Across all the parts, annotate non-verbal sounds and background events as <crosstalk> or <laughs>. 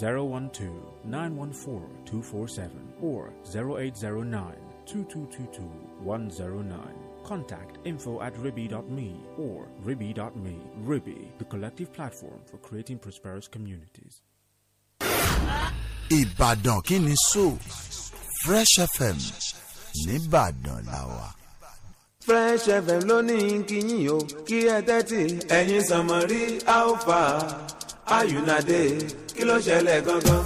012-914-247 or 0809-2222-109. Contact info at ribby.me or ribby.me. Ribby, the collective platform for creating prosperous communities. Ibadan kini so Fresh FM nìbàdàn làwà. Fresh FM ló ní kíyìn o kí ẹ tẹ́tì ẹ̀yin sànmọ́ alpha ayùnádé kí ló ṣẹlẹ̀ gangan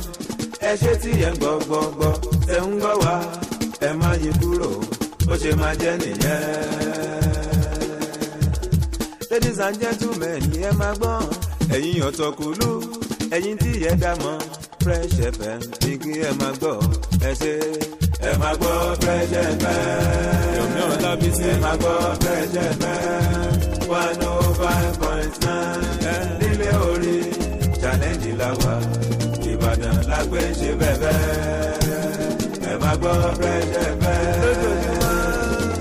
ẹ ṣe tí ẹ ń gbọ́ gbọ́ gbọ́ ẹ ń gbọ́ wá ẹ má yí kúrò ó ṣe máa jẹ́ nìyẹn. ladies and gentlemen ni ẹ máa gbọ́n ẹ̀yin ọ̀tọ̀kùlú ẹ̀yin tí ẹ dá mọ́ fresh fm ní kí ẹ máa gbọ́ ẹ ṣe ẹ máa gbọ́ fresh fm yomi ọlábísí ẹ máa gbọ́ fresh fm one oh five point nine nílé orí challenge la ìbàdàn la ṣe bẹ́ẹ̀ ẹ má gbọ́ fresh fm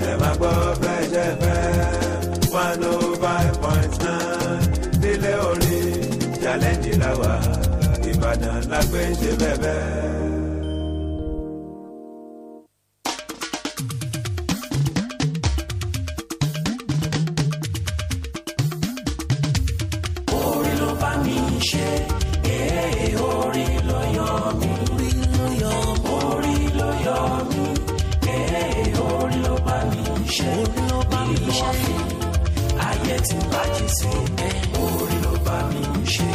ẹ má gbọ́ fresh fm one oh five point nine nílé orí challenge la wà ìbàdàn la ṣe bẹ́ẹ̀. ṣe ee orí ló yọ mí orí ló yọ mí orí ló yọ mí ee orí ló bá mi ṣe orí ló ayé ti bàjẹ́ sí orí ló bá mi ṣe.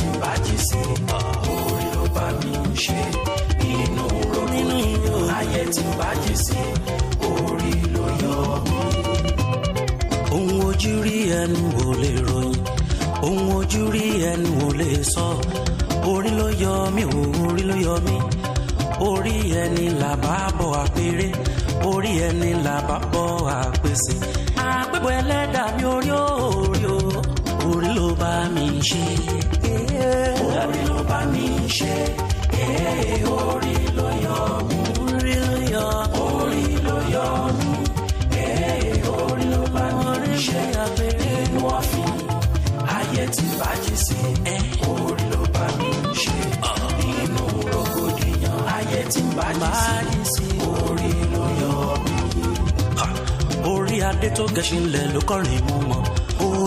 ti bàjẹ́ sí orí ló bá mi ṣe nínú rògbòdìyàn ayé ti bàjẹ́ sí orí ló yọ mí. ohun ojú rí ẹnu ò lè ròyìn ohun ojú rí ẹnu ò lè sọ orí ló yọ mí orí ló yọ mí orí ẹni là bá bọ̀ àpèrè orí ẹni là bá bọ̀ àpèsè àpèbọ̀ ẹlẹ́dàá mi orí ó orí ó orí ló bá mi ṣe orí ló bá mi ṣe ee eh, orí ló yọ mú orí ló yọ orí ló yọ mú ee eh, eh, orí ló bá mi ṣe inú ọ̀fìn ayé ti bàjẹ́ sí orí ló adé tó gẹṣin lẹ ló kọrin mú mọ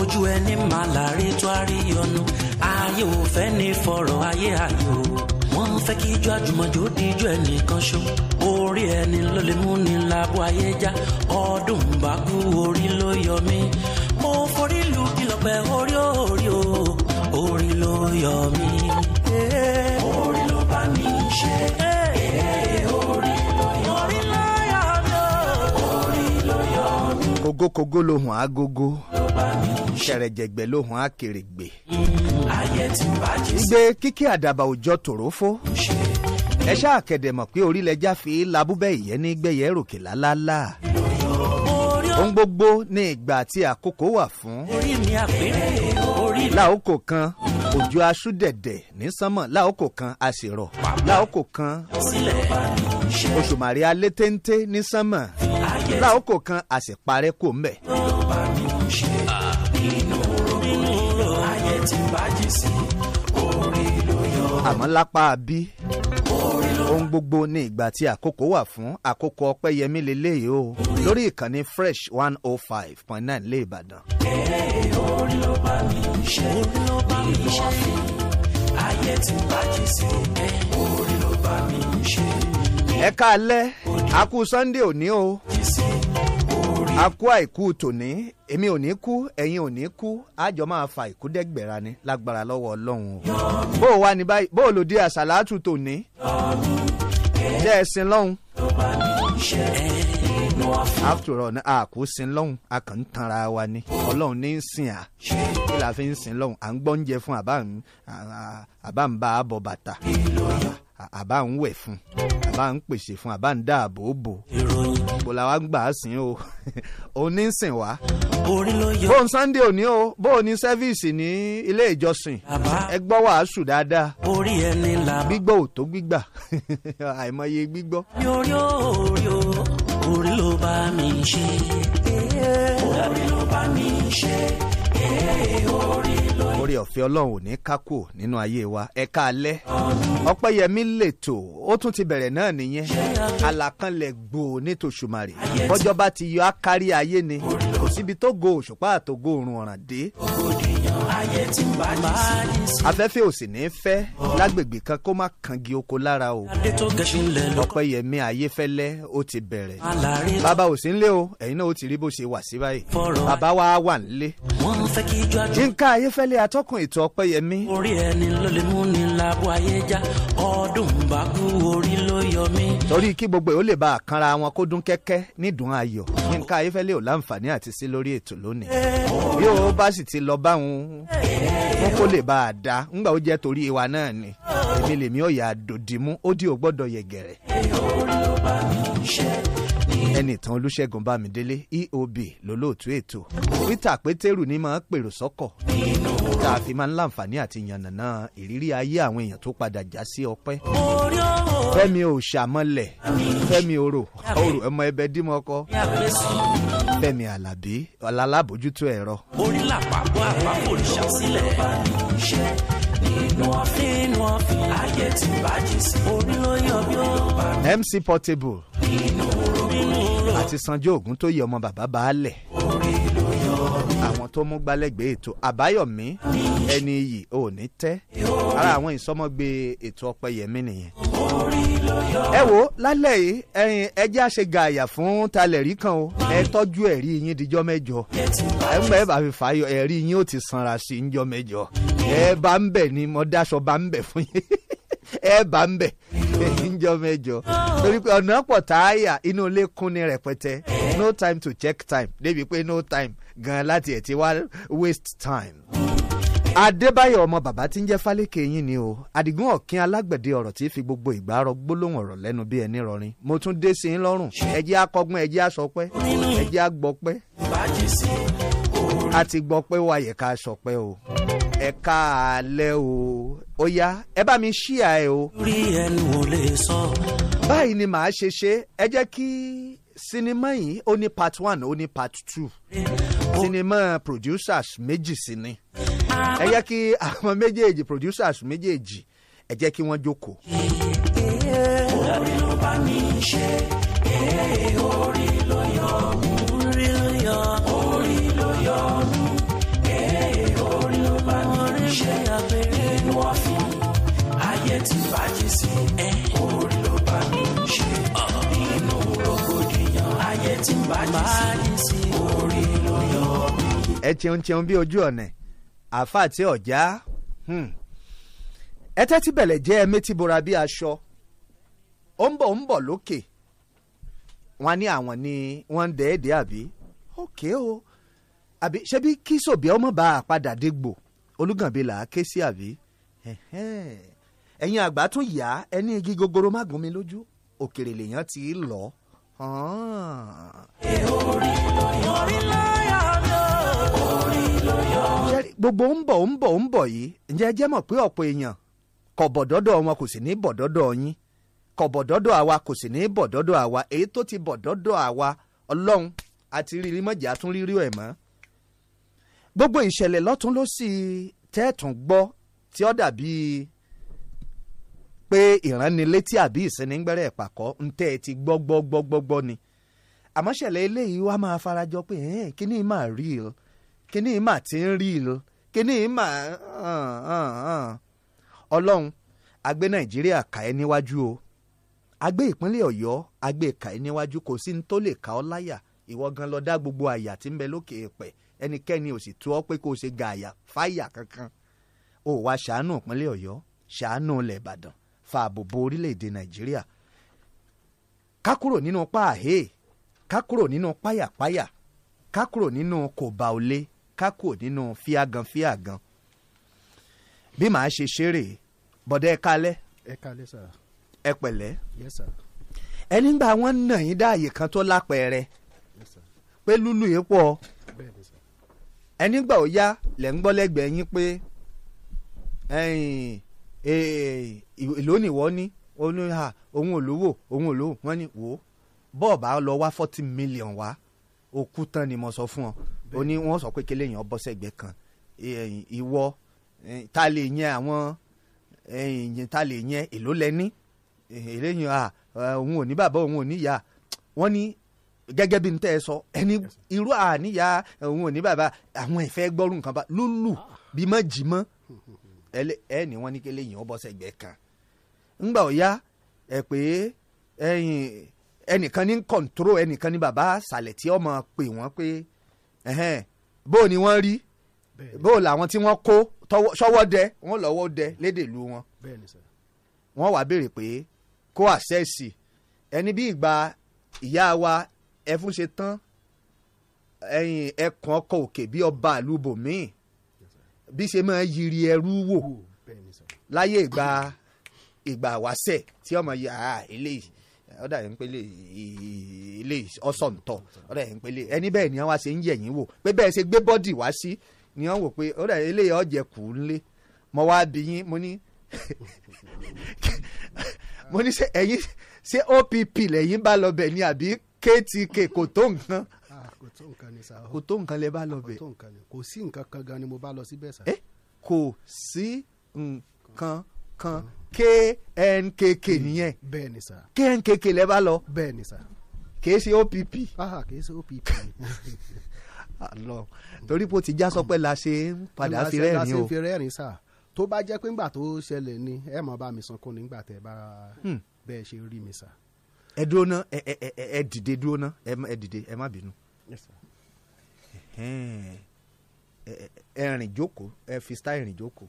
ojú ẹni máa láre tó a rí ọnu ayé ò fẹ́ ní fọ̀rọ̀ ayé ayò wọ́n fẹ́ kí ijó àjùmọ̀jó di ijó ẹnìkan ṣó orí ẹni ló lè mú ni láàbò ayé já ọdún bá kú orí ló yọ mí mo forí lu ìlọ̀pẹ̀ orí orí o orí ló yọ mí orí ló bá mi ṣe. kogokogo lohùn agogo ṣẹ̀rẹ̀jẹ̀gbẹ̀ lohùn akèrègbè igbe kíkí àdàbà òjọ tòrófó ẹ ṣáà kẹ̀dẹ̀ mọ̀ pé orílẹ̀-èdè fi labúbẹ́ ìyẹn ní gbẹ̀yẹ́ ròkè lálálá ohun gbogbo ní ìgbà àti àkókò wà fún láòkò kan òjò aṣú dẹ̀dẹ̀ ní sánmọ̀ láòkò kan àṣìrọ̀ láòkò kan òṣùmàrè alẹ́ téńté ní sánmọ̀ láòkò kan àṣeparẹ́ kò ń bẹ̀. àmọ́ lápá bí ohun gbogbo ní ìgbà tí àkókò wà fún àkókò ọpẹ́yẹmí lélẹ́yìí o lórí ìkànnì fresh one oh five point nine lé ìbàdàn. ẹ̀ẹ́ orí ló bá mi ṣe ìlú àfin ayé ti bàjẹ́ sí orí ló bá mi ṣe ẹ káalẹ́ a kú Sunday òní o a kú àìkú tòní èmi ò ní kú ẹ̀yin ò kú àjọ máa fa ìkúdẹ́gbẹ̀ra ni lágbára lọ́wọ́ Ọlọ́run o bó o wà ní báyìí bó o lò di àṣàlátù tòní jẹ́ ẹ̀sìn lọ́hùn after all a kò sin lọ́hùn a kàn ń tanra wa ni ọlọ́run ní í sìn à kí la fi ń sin lọ́hùn à ń gbọ́ oúnjẹ fún àbá ń bá a bọ̀ bàtà àbá ń wẹ̀ fún àbá ń pèsè fún àbá ń dáàbò bò bò làwa gbà á sìn o <laughs> òun ní sìn wá bóun Sunday òní o bóun ní sẹ́fíìsì ní ilé ìjọsìn ẹ gbọ́ wàásù dáadáa gbígbọ́ ò tó gbígbà <laughs> àìmọye gbígbọ́. orí orí orí ló bá mi ṣe orí ló bá mi ṣe orí ló orí ọ̀fẹ́ ọlọ́run ò ní kákò nínú ayé wa ẹ káalẹ́ ọpẹ́yẹmí lètò ó tún ti bẹ̀rẹ̀ náà nìyẹn àlàkalẹ̀ gbòó nítòṣùmarè bọ́jọ́ bá ti yọ á kárí ayé ni kò síbi tó go òṣùpá àtògo òrùn ọ̀ràn dé. ògòdìyàn ayé tí ń bá yìí sí. afẹ́fẹ́ ò sì ní í fẹ́ lágbègbè kan kó má kangi oko lára o. ọpẹ́yẹmí ayéfẹ́lẹ́ ó ti bẹ̀rẹ̀. bàbá ò sí ń lé o ẹ̀yin náà ó ti rí bó ṣe wà sí báyìí. bàbá wa wà ń lé. yínká ayéfẹ́lẹ́ atọ́kùn ètò ọpẹ́yẹmí. orí ẹni ló lè mú ni láàbù ayé já ọdún bá kú orí ló yọ mí. torí kí gbogbo ẹ̀ ó lè bá àkànra wọn kó dún kẹ́kẹ́ nídùn ayọ̀ yínká ayéfẹ́lẹ́ ò láǹfààní àti sí lórí ètò lónìí bí ó bá sì ti lọ báwọn wọn kó lè bá a dá ńgbà ó jẹ́ torí ìwà náà ni èmi lèmi ọ̀yà àdòdìmú ó dì ò rí ló ẹnìtàn olúṣẹ̀gun bámidélé eob lólóòtú ètò peter pétérù ní máa pèrò sọ́kọ̀ tá a fi máa ń láǹfààní àti yànnàná ìrírí ayé àwọn èèyàn tó padà já sí ọpẹ́ fẹ́mi òòṣàmọlẹ fẹ́mi oro ọmọ ẹbẹ dímọ ọkọ fẹ́mi alábí ọlálábójútó ẹ̀rọ. orí làpapọ̀ àpapọ̀ òrìṣà sílẹ̀ MC Portable àti Sanjo Ogun tó yẹ ọmọ bàbá baálẹ̀ àwọn tó mú gbálẹ́gbẹ̀ẹ́ ètò àbáyọ̀mí ẹni iyì ò ní tẹ́ ara àwọn ìsọmọgbé ètò ọpẹyẹmí nìyẹn. ẹ wo lálẹ́ yìí ẹyin ẹjẹ́ àṣẹ gààyà fún talẹ̀rí kan o ẹ tọ́jú ẹ̀rí yín díjọ́ mẹ́jọ ẹ ń bẹ́ẹ̀ bá fi fàáyọ ẹ̀rí yín ó ti sanra sí í ń jọ́ mẹ́jọ ẹ bá ń bẹ̀ ni mo dáṣọ bá ń bẹ̀ fún yín <laughs> ẹ bá ń bẹ̀ níjọ mẹ́jọ torí pé ọ̀nà pọ̀ táyà inú ilé kún ní rẹpẹtẹ no time to check time débi pé no time gan láti ẹ̀ ti wá waste time. Adébáyọ̀ ọmọ bàbá tí ń jẹ́ Fálékè yín ni o Àdìgún ọ̀kín alágbẹ̀dẹ ọ̀rọ̀ tí fi gbogbo ìgbà rọ gbólóhùn ọ̀rọ̀ lẹ́nu bí ẹni rọrin mo tún dé sí i lọ́rùn ẹjẹ́ akọgbọ́n ẹjẹ́ aṣọpẹ́ ẹjẹ́ agbọ́pẹ́ àti gbọ́pẹ́ wàyẹ̀ ká aṣọpẹ́ o ẹ káalẹ́ o ó yá ẹ bá mi ṣí à o. orí ẹnu ò lè sọ. báyìí ni màá ṣe ṣe ẹ jẹ́ kí sinimá yìí ó ní part one ó ní part two sinimá producers méjì sí ni ẹ jẹ́ kí àwọn méjèèjì producers méjèèjì ẹ jẹ́ kí wọ́n jókòó. orí ló bá mi ṣe eh, orí ló yọ orí ló yọ. iṣẹ́ abẹ́rẹ́ inú ọ̀fìn ayé ti bàjẹ́ sí ẹ orí ló bá mi ṣe inú rògbòdìyàn ayé ti bàjẹ́ sí orí ló yọ mí. ẹ cheun cheun bí ojú ọ̀nà àfa àti ọ̀já hmm. ẹ tẹ́tí bẹ̀lẹ̀ jẹ́ ẹ méjì bora bí aṣọ ó ń bọ̀ ń bọ̀ lókè wọ́n ní àwọn ni wọ́n ń dẹ́ẹ̀dẹ́ àbí ókè o àbí ṣebí kí sòbí ọmọ bá a padà dégbò olùgànbí là á ké sí àbí ẹ̀yin àgbà tún yá ẹni igi gogoro má gún mi lójú òkèrè lèèyàn ti lọ. èrò orí ló yọ orí ló yọ orí ló yọ. gbogbo ń bọ̀ ń bọ̀ ń bọ̀ yìí ǹjẹ́ jẹ́ mọ̀ pé ọ̀pọ̀ èèyàn kò bọ̀ dọ́dọ̀ wọn kò sì ní bọ̀ dọ́dọ̀ yín kò bọ̀ dọ́dọ̀ àwa kò sì ní bọ̀ dọ́dọ̀ àwa èyí tó ti bọ̀ dọ́dọ̀ àwa ọlọ́run àti rírí mọ̀jà tún rírí ẹ̀ mọ́. gbogbo ìṣẹ̀lẹ̀ lọ́tún ló sì tẹ́ẹ̀tún gbọ́ tí ó dàbí pé ìránnilétí àbí ìsinigbẹ́rẹ́ ìpàkọ́ ń tẹ́ ẹ ti gbọ́ gbọ́ gbọ́ gbọ́ gbọ́ ni àmọ́ ṣẹlẹ̀ eléyìí wá máa farajọ pé kíní mà rí kíní mà tí ń rí kíní mà ọlọ́run agbé nàìjíríà kà ẹ́ níwájú o agbé ìpínlẹ̀ ọ̀yọ́ agbé kà ẹ́ níwájú kò sí ní tó lè kà ọ́ láyà ìwọ gan lọ dá gbogbo àyà tí ń bẹ lókè èèpẹ̀ ẹnikẹ́ni ò sì tú ọ pé kó o ṣe gààyà fáyà kankan ó wá ṣàánú ìpínlẹ̀ ọ̀yọ́ ṣàánú ilẹ̀ ìbàdàn fa àbòbò orílẹ̀-èdè nàìjíríà ká kúrò nínú páàhé ká kúrò nínú páyàpáyà ká kúrò nínú kòbá òlé ká kúrò nínú fíàgàn fíàgàn bí màá ṣe ṣeré bọ̀dẹ̀ ẹ kalẹ́ ẹ kalẹ́ sà ẹ pẹ̀lẹ́ yes sà ẹni gbà wọ́n nà yín dáàyè kan tó lápẹẹrẹ yes sà pé lúlù yìí pọ̀ ẹnígbà ó yá lẹ̀ ń gbọ́ lẹ́gbẹ̀ẹ́ yín pé eh, eh, ìlónìí wọ́n ní òun ò lówó òun ò lówó wọ́n ní wò ó bọ́ọ̀bà lọ wá forty million wá òkú tán ni mo sọ fún ọ ó ní wọ́n sọ pé kele yẹn bọ́ sẹ́gbẹ́ kan ìwọ ta lè yẹn àwọn ta lè yẹn èló lẹ́ni eléyìn òun ò ní bàbá òun ò ní ìyá wọ́n ní gẹ́gẹ́ bí n tẹ́ ẹ sọ ẹni irú àníyá òun ò ní bàbá àwọn ìfẹ́ gbọ́rù nǹkan bá lúlù ah. bí mọ́ jì mọ́ ẹ ní wọ́n ní kí eléyìí ó bọ́ sẹ́gbẹ́ kan ńgbà ọ̀yá ẹ pé ẹnìkan ní kọ̀ǹtóró ẹnìkan ní bàbá sàlẹ̀ tí ọmọ pè wọ́n pé bó ni wọ́n rí bó làwọn tí wọ́n kó sọ́wọ́ dẹ wọ́n lọ́wọ́ dẹ lédè wọn wọ́n wàá béèrè pé kó àṣẹ́sì ẹni bí ìgbà ìyá wa ẹfun ṣe tán ẹyin ẹkùn ọkọ òkè bí ọba àlùbò míì bí ṣe máa yiri ẹrú wò láyé ìgbà ìgbà wáṣẹ tí ọmọ yìí àá eléyìí ọ̀dà yẹn ń pele eléyìí ọ̀sọ̀ǹtọ̀ ọ̀dà yẹn ń pele ẹni bẹ́ẹ̀ ni wọ́n ṣe ń yẹ̀yìn wò pé bẹ́ẹ̀ ṣe gbé bọ́dì wá sí ni wọ́n wò pé ọ̀dà eléyìí ọ̀jẹ̀ kù ń lé mo wá bí yín mo ní <laughs> mo ní ṣe ẹ̀yin ṣe opp lẹ́yìn bá lọ bẹ̀ ni àbí ktk kò tó nǹkan ah, kò tó nǹkan ni sa kò tó nǹkan lẹ bá lọ bẹ kò tó nǹkan ni kò sí nǹkan kan gan ni mo bá lọ síbẹ̀ sa. Eh, kò sí nǹkan kan knkk nìyẹn bẹ́ẹ̀ ni sa knkk lẹ bá lọ bẹ́ẹ̀ ni sa kìí ṣe opp. kìí ṣe opp. <laughs> àlọ torí pé o ti já sọpẹ́ la ṣe ń padà fi rẹ́rìn o. la ṣe fi rẹ́rìn sá tó bá jẹ́ pé ńgbà tó ṣẹlẹ̀ ni ẹ mọ̀ bá mi sunkún nígbà tẹ́ bá hmm. bẹ́ẹ̀ ṣe rí mi sá ẹ dúró ná ẹ ẹ ẹ ẹ dìde dúró ná ẹ ẹ dìde ẹ má bínú ẹ rìn jókòó ẹ fi style rìn jókòó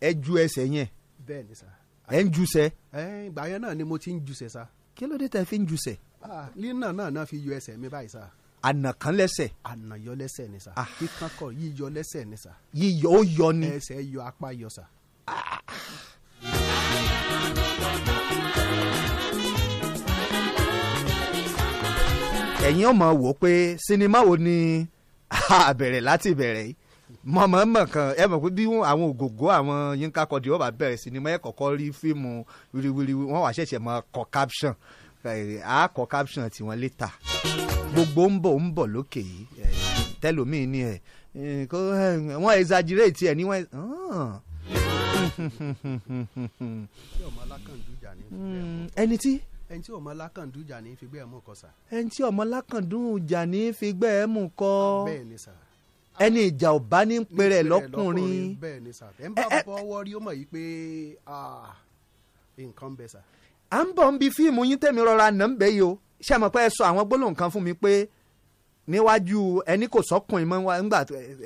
ẹ ju ẹsẹ̀ yẹn ẹ ń jùsẹ̀. ẹ náà ni mo ti ń jùsẹ̀ sá. kí ló dé tẹ fi ń jùsẹ̀. lina náà náà fi yọ ẹsẹ̀ mi báyìí sá. ànà kan lẹ́sẹ̀. ànà yọ lẹ́sẹ̀ ni sá. Ah. kíkan kọ yíyọ lẹ́sẹ̀ ni sá. yíyọ ó yọ ni. ẹsẹ̀ yọ apá yọ sá. ẹ̀yin ọmọ wò ó pé sinimá wo ni àbẹ̀rẹ̀ láti bẹ̀rẹ̀ mọ̀mọ́mọ́ kan ẹ mọ̀ pé bí àwọn ògògó àwọn Yínká Quadri ó bá bẹ̀rẹ̀ sinimá ẹ̀ kọ́kọ́ rí fíìmù wíríwíríwí wọ́n wá ṣẹ̀ṣẹ̀ mọ kọ caption a kọ caption tiwọn létà gbogbo ń bọ̀ ń bọ̀ lókè yìí tẹ́lòmíì ni ẹ̀ wọ́n exaggerate ẹ̀ ní hmm, ẹni tí ẹni tí ọmọ lákàndún ìjà ní figbẹ́ ẹ̀ mú kọ sà. ẹni tí ọmọ lákàndún ìjà ní figbẹ́ ẹ̀ mú kọ. bẹ́ẹ̀ ni sà. ẹni ìjà ò bá ní pèrè lọ́kùnrin. bẹ́ẹ̀ ni sà ẹ̀ ń bá fọwọ́ rí ó mọ̀ yìí pé nǹkan bẹ sà. à ń bọ̀ ń bi fíìmù yín tẹ̀mí rọra nà ń bẹ́ yìí o ṣé àmọ́ pé ẹ sọ àwọn gbólóhùn kan fún mi pé níwájú ẹni kò sọkùnrin mọ́ ńgbà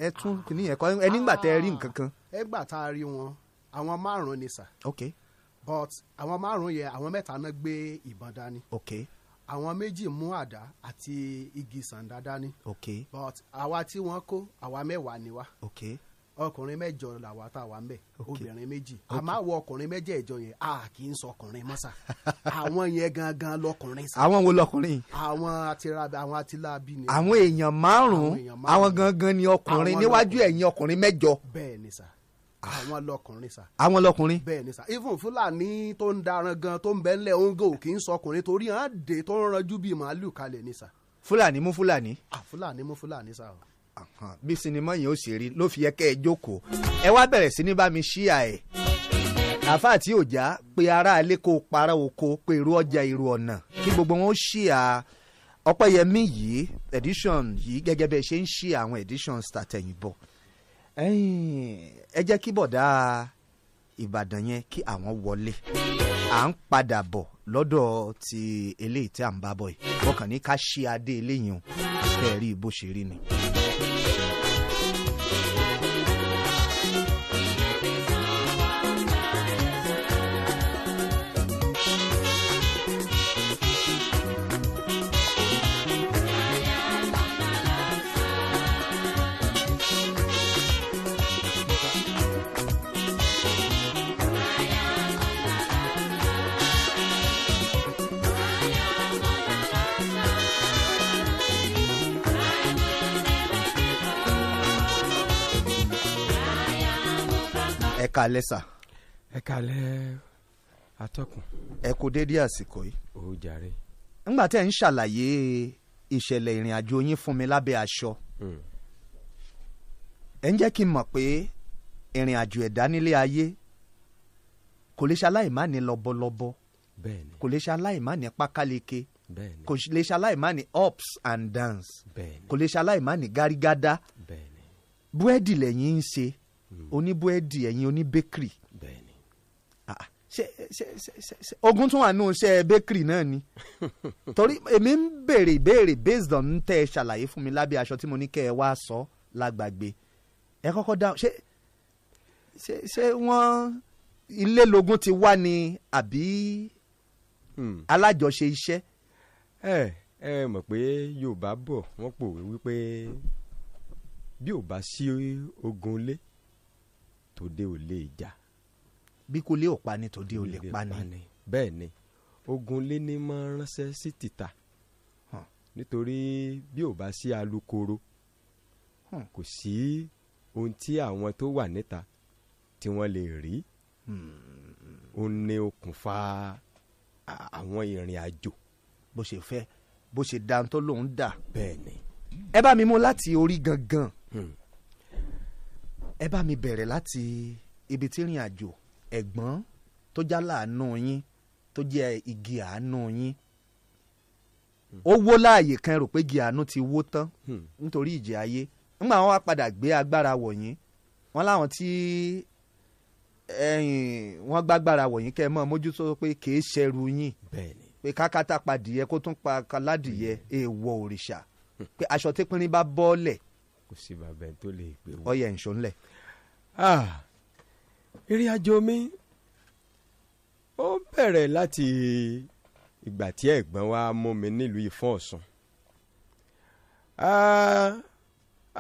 ẹ tún kìnìyẹn kọ ẹni ńgbà tẹ rí nǹkan kan. ẹ gbà tá a rí wọn àwọn márùn-ún ni sà. okay but àwọn márùn yẹn àwọn mẹ́ta náà gbé ìbọn dání. ok àwọn méjì mú àdá àti igi sàǹdà dání. ok but àwa tí wọ́n kó àwa mẹ́wàá ni wa. ok ọkùnrin mẹ́jọ làwa tá a wà ń bẹ obìnrin méjì a máa wọ ọkùnrin mẹ́jẹ̀ẹ̀jọ yẹn a kì í sọ ọkùnrin mọ́sà àwọn yẹn gangan lọkùnrin. àwọn wo lọkùnrin. àwọn atilabi àwọn atilabi ni. àwọn èèyàn márùn-ún àwọn gangan ni ọkùnrin níwájú ẹ̀yìn ọkùnrin mẹ́jọ. bẹ́ẹ̀ ni sà àwọn ah. ah, lọkùnrin sa. Ah, àwọn lọkùnrin. bẹ́ẹ̀ni sa. even fúlàní tó ń daran gan tó ń bẹ ńlẹ̀ oúnjẹ ò kì í sọkùnrin torí hàn dé tó ń ranjú bíi màálù kalẹ̀ ni sà. fúlàní mú fúlàní. fúlàní mú fúlàní sà. bí sinimá yẹn ó sì rí ló fi yẹ kẹ́ ẹ jókòó ẹ wá bẹ̀rẹ̀ sí ní bá mi ṣíà ẹ̀ àfa àti òjá pé ará ilé kó para oko pé irú ọjà irú ọ̀nà kí gbogbo wọn ó ṣíà ọpẹ́yẹmí yìí edition yìí gẹ́gẹ́ bẹ́ẹ̀ ṣe ń ṣíà àwọn editions tàtẹ̀yìnbọ̀ ẹ jẹ́ kí bọ̀dá ìbàdàn yẹn kí àwọn wọlé à ń padà bọ̀ lọ́dọ̀ ti eléyìí tí à ń bá bọ̀ yìí wọ́n kàn ní ká ṣí adé eléyìí o kẹ́ bó ṣe rí ni. kálẹ́ sa, ẹ kálẹ́ atọ́kùn. ẹ kò dédé àsìkò yìí. ó jàre. ńgbà tẹ́ ń ṣàlàyé ìṣẹ̀lẹ̀ ìrìn àjò yín fún mi lábẹ́ aṣọ. Hmm. ẹ ń jẹ́ kí n mọ̀ pé ìrìn àjò ẹ̀dá nílé ayé kò lè ṣaláì má ní lọ́bọ̀lọ́bọ̀ kò lè ṣaláì má ní pákáleke kò lè ṣaláì má ní ups and downs kò lè ṣaláì má ní gárígádá búrẹ́dì lẹ́yìn ń ṣe Hmm. oníbúrẹ́dì ẹ̀yin oníbẹ́kìrì ah, ah. ogun tún wà nù iṣẹ́ bẹ́kìrì náà ni <laughs> torí èmi ń béèrè ìbéèrè based on tẹ́ ẹ ṣàlàyé fún mi lábẹ́ aṣọ tí mo ní kẹ́ ẹ wá sọ lágbàgbé ẹ kọ́kọ́ dáhùn ṣé ṣé ṣé wọ́n ilé logun ti wá ni àbí hmm. alájọṣe iṣẹ́. ẹ ẹ mọ̀ pé yorùbá bọ̀ wọ́n pòwe wípé bí ò bá sí ogun lé tòde ò lè jà. bí kò lè ò pa ni tòde ò lè pa ni. bẹ́ẹ̀ ni ogun lé ní máa ránṣẹ́ sí títà nítorí bí ò bá sí alukoro kò sí ohun tí àwọn tó wà níta tí wọ́n lè rí hmm. ó ní okùnfà àwọn ìrìn àjò. bó ṣe fẹ́ bó ṣe dáńtọ́ lòún dà. bẹ́ẹ̀ ni. ẹ bá mi mú láti orí gangan. Hmm ẹ bá mi bẹ̀rẹ̀ láti ibi tí ìrìn àjò ẹ̀gbọ́n tó já láàánú yín tó jẹ́ igi àánú yín ó wó láàyè kan rò pé igi àánú ti wó tán hmm. nítorí ìjì ayé nígbà wọn wá padà gbé agbára wọ̀nyí wọn láwọn tí wọn gbàgbára wọ̀nyí kẹ́ ẹ mọ́ mójútó pé kì í yín pé kákátá padìyẹ kó tún pa kaládìyẹ hmm. èèwọ̀ òrìṣà pé aṣọ tí pínrín bá bọ́ọ̀lẹ̀ kò sí bàbá tó lè pè wọ́n. ọyẹ ìṣó ńlẹ. Ah, ìrìn àjò mi ó bẹ̀rẹ̀ láti ìgbà tí ẹ̀gbọ́n wa mú mi nílùú ìfọ́n ọ̀sán.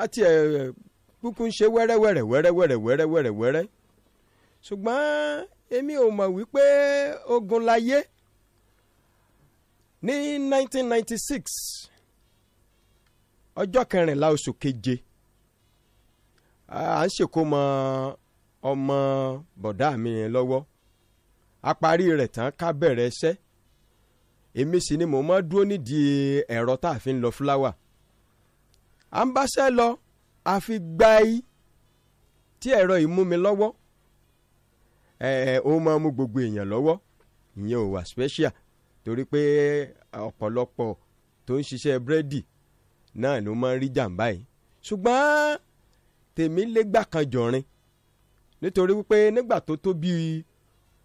àti ah, ẹ̀ kúkú ń ṣe wẹ́rẹ́wẹ́rẹ́ wẹ́rẹ́wẹ́rẹ́ wẹ́rẹ́wẹ́rẹ́ ṣùgbọ́n èmi ò mọ̀ wípé ogun láyé ní 1996 ọjọ́ kẹrìnlá oṣù keje à ń ṣèkómọ ọmọ bọ̀dá mi yẹn lọ́wọ́ a parí rẹ̀ tán ká bẹ̀rẹ̀ iṣẹ́ èmi sì ni mo máa dúró nídìí ẹ̀rọ tá a fi ń lọ fúláwà à ń báṣẹ́ lọ àfi gbáyìí tí ẹ̀rọ yìí mú mi lọ́wọ́ ẹ̀ ó máa mú gbogbo èèyàn lọ́wọ́ ìyẹn ò wà special torí pé ọ̀pọ̀lọpọ̀ tó ń ṣiṣẹ́ búrẹ́dì náà ló máa ń rí jàǹbá yìí ṣùgbọ́n tèmi lé gbà kan jọrin nítorí wípé nígbà tó tó bíi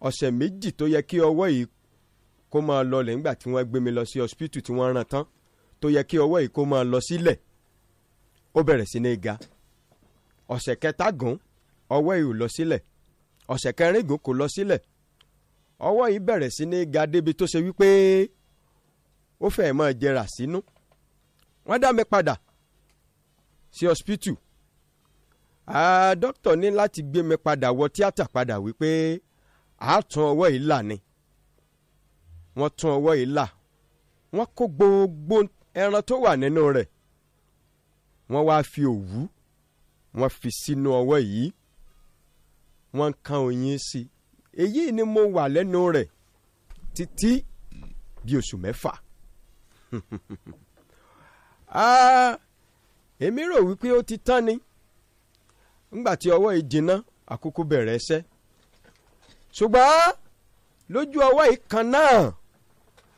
ọ̀sẹ̀ méjì tó yẹ kí ọwọ́ yìí kó máa lọlẹ̀ nígbà tí wọ́n gbé mi lọ sí hospital tí wọ́n ràn tán tó yẹ kí ọwọ́ yìí kó máa lọ sílẹ̀ ó bẹ̀rẹ̀ sí ní ga ọ̀sẹ̀ kẹta gùn ọwọ́ yìí ò lọ sílẹ̀ ọ̀sẹ̀ kẹrin gùn kò lọ sílẹ̀ ọwọ́ yìí bẹ̀rẹ̀ sí ní ga débi tó ṣe wípé ó fẹ́ẹ̀ máa jẹrà sínú wọ́n dá mi padà sí hospital dókítà ní láti gbé mi padà wọ tíátà padà wípé a tún ọwọ́ yìí là ni wọ́n tún ọwọ́ yìí là wọ́n kó gbogbo ẹran tó wà nínú rẹ̀ wọ́n wá fi òwú wọ́n fi sínú ọwọ́ yìí wọ́n ń kan oyin sí èyí ni mo wà lẹ́nu rẹ̀ títí bí oṣù mẹ́fà <laughs> èmi rò wípé ó ti tán ni ńgbà tí ọwọ́ ìjìnà àkókò bẹ̀rẹ̀ ẹsẹ̀ ṣùgbọ́n lójú ọwọ́ ìkan náà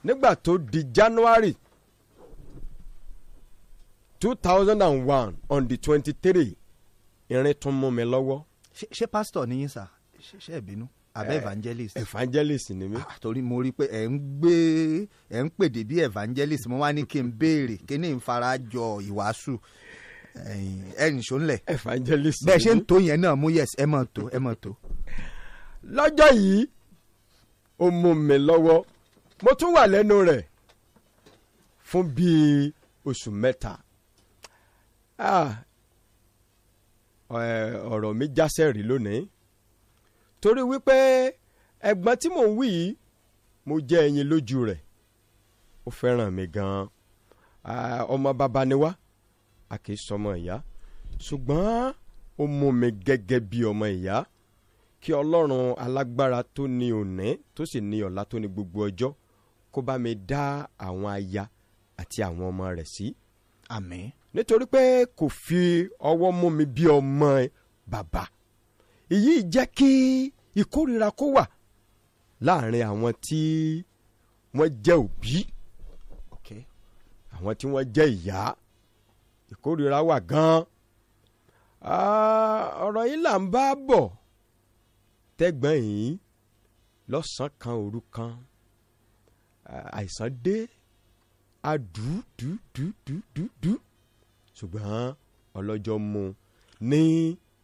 nígbà tó di January two thousand and one on the twenty-three irin tún mú mi lọ́wọ́. ṣé pásítọ̀ ni yín sà ṣe é bínú abẹ́ evangelist. evangelist ni mí. Ah, torí mo rí i pé ẹ̀ ń gbé ẹ̀ ń pèdè bí evangelist mo wá ní kí n béèrè kí ni n fara ìwàásù ẹ̀ ń sọ́nlẹ̀. evangelist ni mí. bẹ́ẹ̀ ṣe ń tó yẹn náà mú yẹs ẹ mọ̀ tó ẹ mọ̀ tó. lọ́jọ́ yìí ó mú mi lọ́wọ́ mo tún wà lẹ́nu rẹ̀ fún bíi oṣù mẹ́ta ah, ọ̀rọ̀ mi jásẹ̀ rí lónìí torí wípé ẹ̀gbọ́n tí mò ń wí yìí mo jẹ́ ẹyin lójú rẹ̀ ó fẹ́ràn mi gan ọmọ bàbá ni wá a kì í sọmọ ìyá ṣùgbọ́n ó mú mi gẹ́gẹ́ bí ọmọ ìyá kí ọlọ́run alágbára tó ní òní tó sì ní ọ̀la tó ní gbogbo ọjọ́ kó bá mi dá àwọn aya àti àwọn ọmọ rẹ̀ sí. àmín. nítorí pé kò fi ọwọ́ mú mi bí ọmọ bàbá èyí jẹ́ kí ìkórira kó wà láàrin àwọn tí wọ́n jẹ́ òbí àwọn tí wọ́n jẹ́ ìyá ìkórira wà gan-an ọ̀rọ̀ yìí là ń bá bọ̀ tẹ́gbọ́n yìí lọ́sàn-án kan òru kan àìsàn dé a dùdùdùdùdù ṣùgbọ́n ọlọ́jọ́ mu ní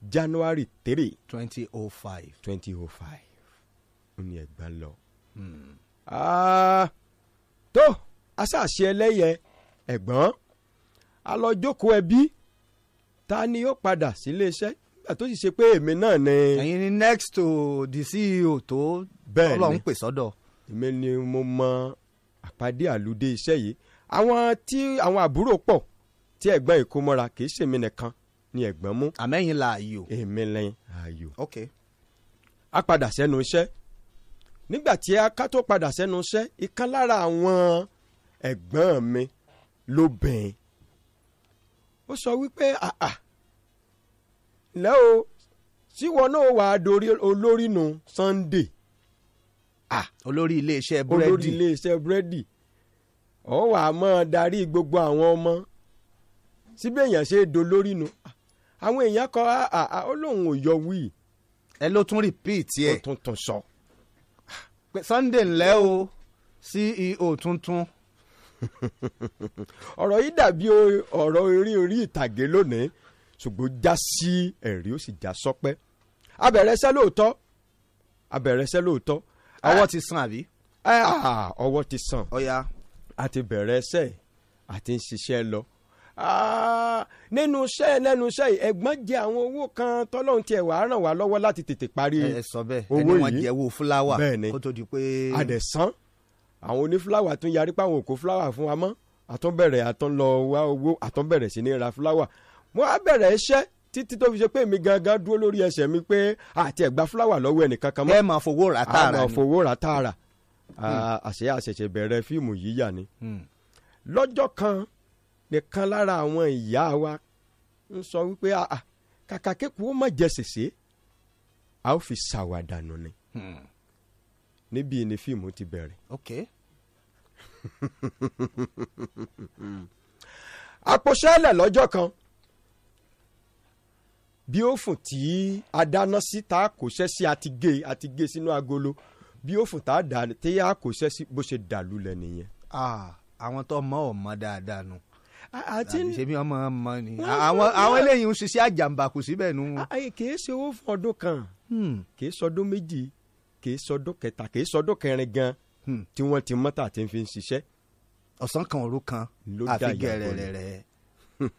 January three twenty oh five twenty oh five ó ní ẹ̀gbọ́n lọ. Hmm. Ah, tó aṣáṣe ẹlẹ́yẹ ẹ̀gbọ́n a lọ jókòó ẹbí ta ni ó padà síléeṣẹ́ nígbà tó sì ṣe pé èmi náà ni. ẹ̀yin ni next to the CEO tó Ọlọ́run pè sọ́dọ̀. èmi ni mo mọ àpàdé àlùdé iṣẹ́ yìí àwọn tí àwọn àbúrò pọ̀ tí ẹ̀gbọ́n ìkómọ́ra kì í ṣèmi nìkan ni ẹ̀gbọ́n mú. àmẹ́yìn la àyò. èmi lẹ́yìn àyò. ok. a padà sẹ́nu iṣẹ́ nígbà tí a ká tó padà sẹ́nu iṣẹ́ ìkan lára àwọn ẹ̀gbọ́n mi ló bẹ̀ẹ́ ó sọ wípé àà lẹ́ o síwọ náà wàá dorí olórí nu Sunday. Ah. olórí iléeṣẹ́ búrẹ́dì olórí iléeṣẹ́ búrẹ́dì ọ wàá máa darí gbogbo àwọn ọmọ síbẹ̀ èèyàn ṣe é dolórí nu. Ah àwọn èèyàn kọ àà ah, ah, ah, ó lóun ò yọ wí. ẹ ló tún repeat yẹ. ó tún tún sọ. Sunday ńlẹ́ o CEO tuntun. <laughs> ọ̀rọ̀ yìí dàbí ọ̀rọ̀ eré orí ìtàgé lónìí ṣùgbọ́n já sí ẹ̀rí ó sì já sọ́pẹ́. abẹ̀rẹ̀ṣẹ́ lóòótọ́ abẹ̀rẹ̀ṣẹ́ lóòótọ́. ọwọ́ ti sàn àbí. ọwọ́ ti sàn. ọ̀ya. a ti bẹ̀rẹ̀ ẹsẹ̀ àti ń ṣiṣẹ́ lọ. Ah, nínú iṣẹ́ lẹ́nu iṣẹ́ ẹ̀gbọ́n jẹ àwọn owó kan tọ́lọ́hún tiẹ̀ wàá ràn wá lọ́wọ́ láti tètè parí owó yìí ẹni wọn jẹ owó fúláwà kó tó di pé. àdẹ̀sán àwọn onífúláwà tún yarí pé àwọn ò kó fúláwà fún wa mọ́ àtúnbẹ̀rẹ̀ àtúnlọ wá owó àtúnbẹ̀rẹ̀ sí ní ra fúláwà mo á bẹ̀rẹ̀ iṣẹ́ títí tó fi ṣe pé mi gangan dúró lórí ẹsẹ̀ mi pé àti ẹ̀gbá fúláwà lọ́wọ́ ẹnìkan kan mọ́. ẹ máa fowó rà tààrà ni a máa fowó rà tààrà hmm. ah, àṣẹ àṣẹ̀ṣẹ̀ bẹ̀rẹ̀ fíìmù yíyà ni. Hmm. lọ́jọ́ kan nìkan lára àwọn ìyá wa ń sọ wípé àà kàkà kéku ó má jẹ sèse a ó fi ṣàwàdà ni hmm. níbi ni fíìmù ti bẹ̀rẹ̀. Okay. <laughs> àpòṣẹ́lẹ̀ lọ́jọ́ kan bí ó fún tí a dáná sí tá a kò ṣẹ́ àti gé àti gé sínú agolo bí ó fún tá a dà tí a kò ṣẹ́ sí bó ṣe dàlú lẹ̀ nìyẹn. àwọn tó mọ̀ ọ́ mọ̀ dáadáa nù. No àti ṣe bí ọmọ ọmọ ni àwọn eléyìí ń ṣiṣẹ́ àjàmbá kù síbẹ̀ nù. kì í ṣe owó fún ọdún kan hmm. kì í sọdún méjì kì í sọdún kẹta kì í sọdún kẹrin gan hmm. tí wọ́n ti mọ́tà tí ń fi ṣiṣẹ́. ọ̀sán kan òru kan àfi gẹ̀rẹ̀rẹ̀rẹ̀.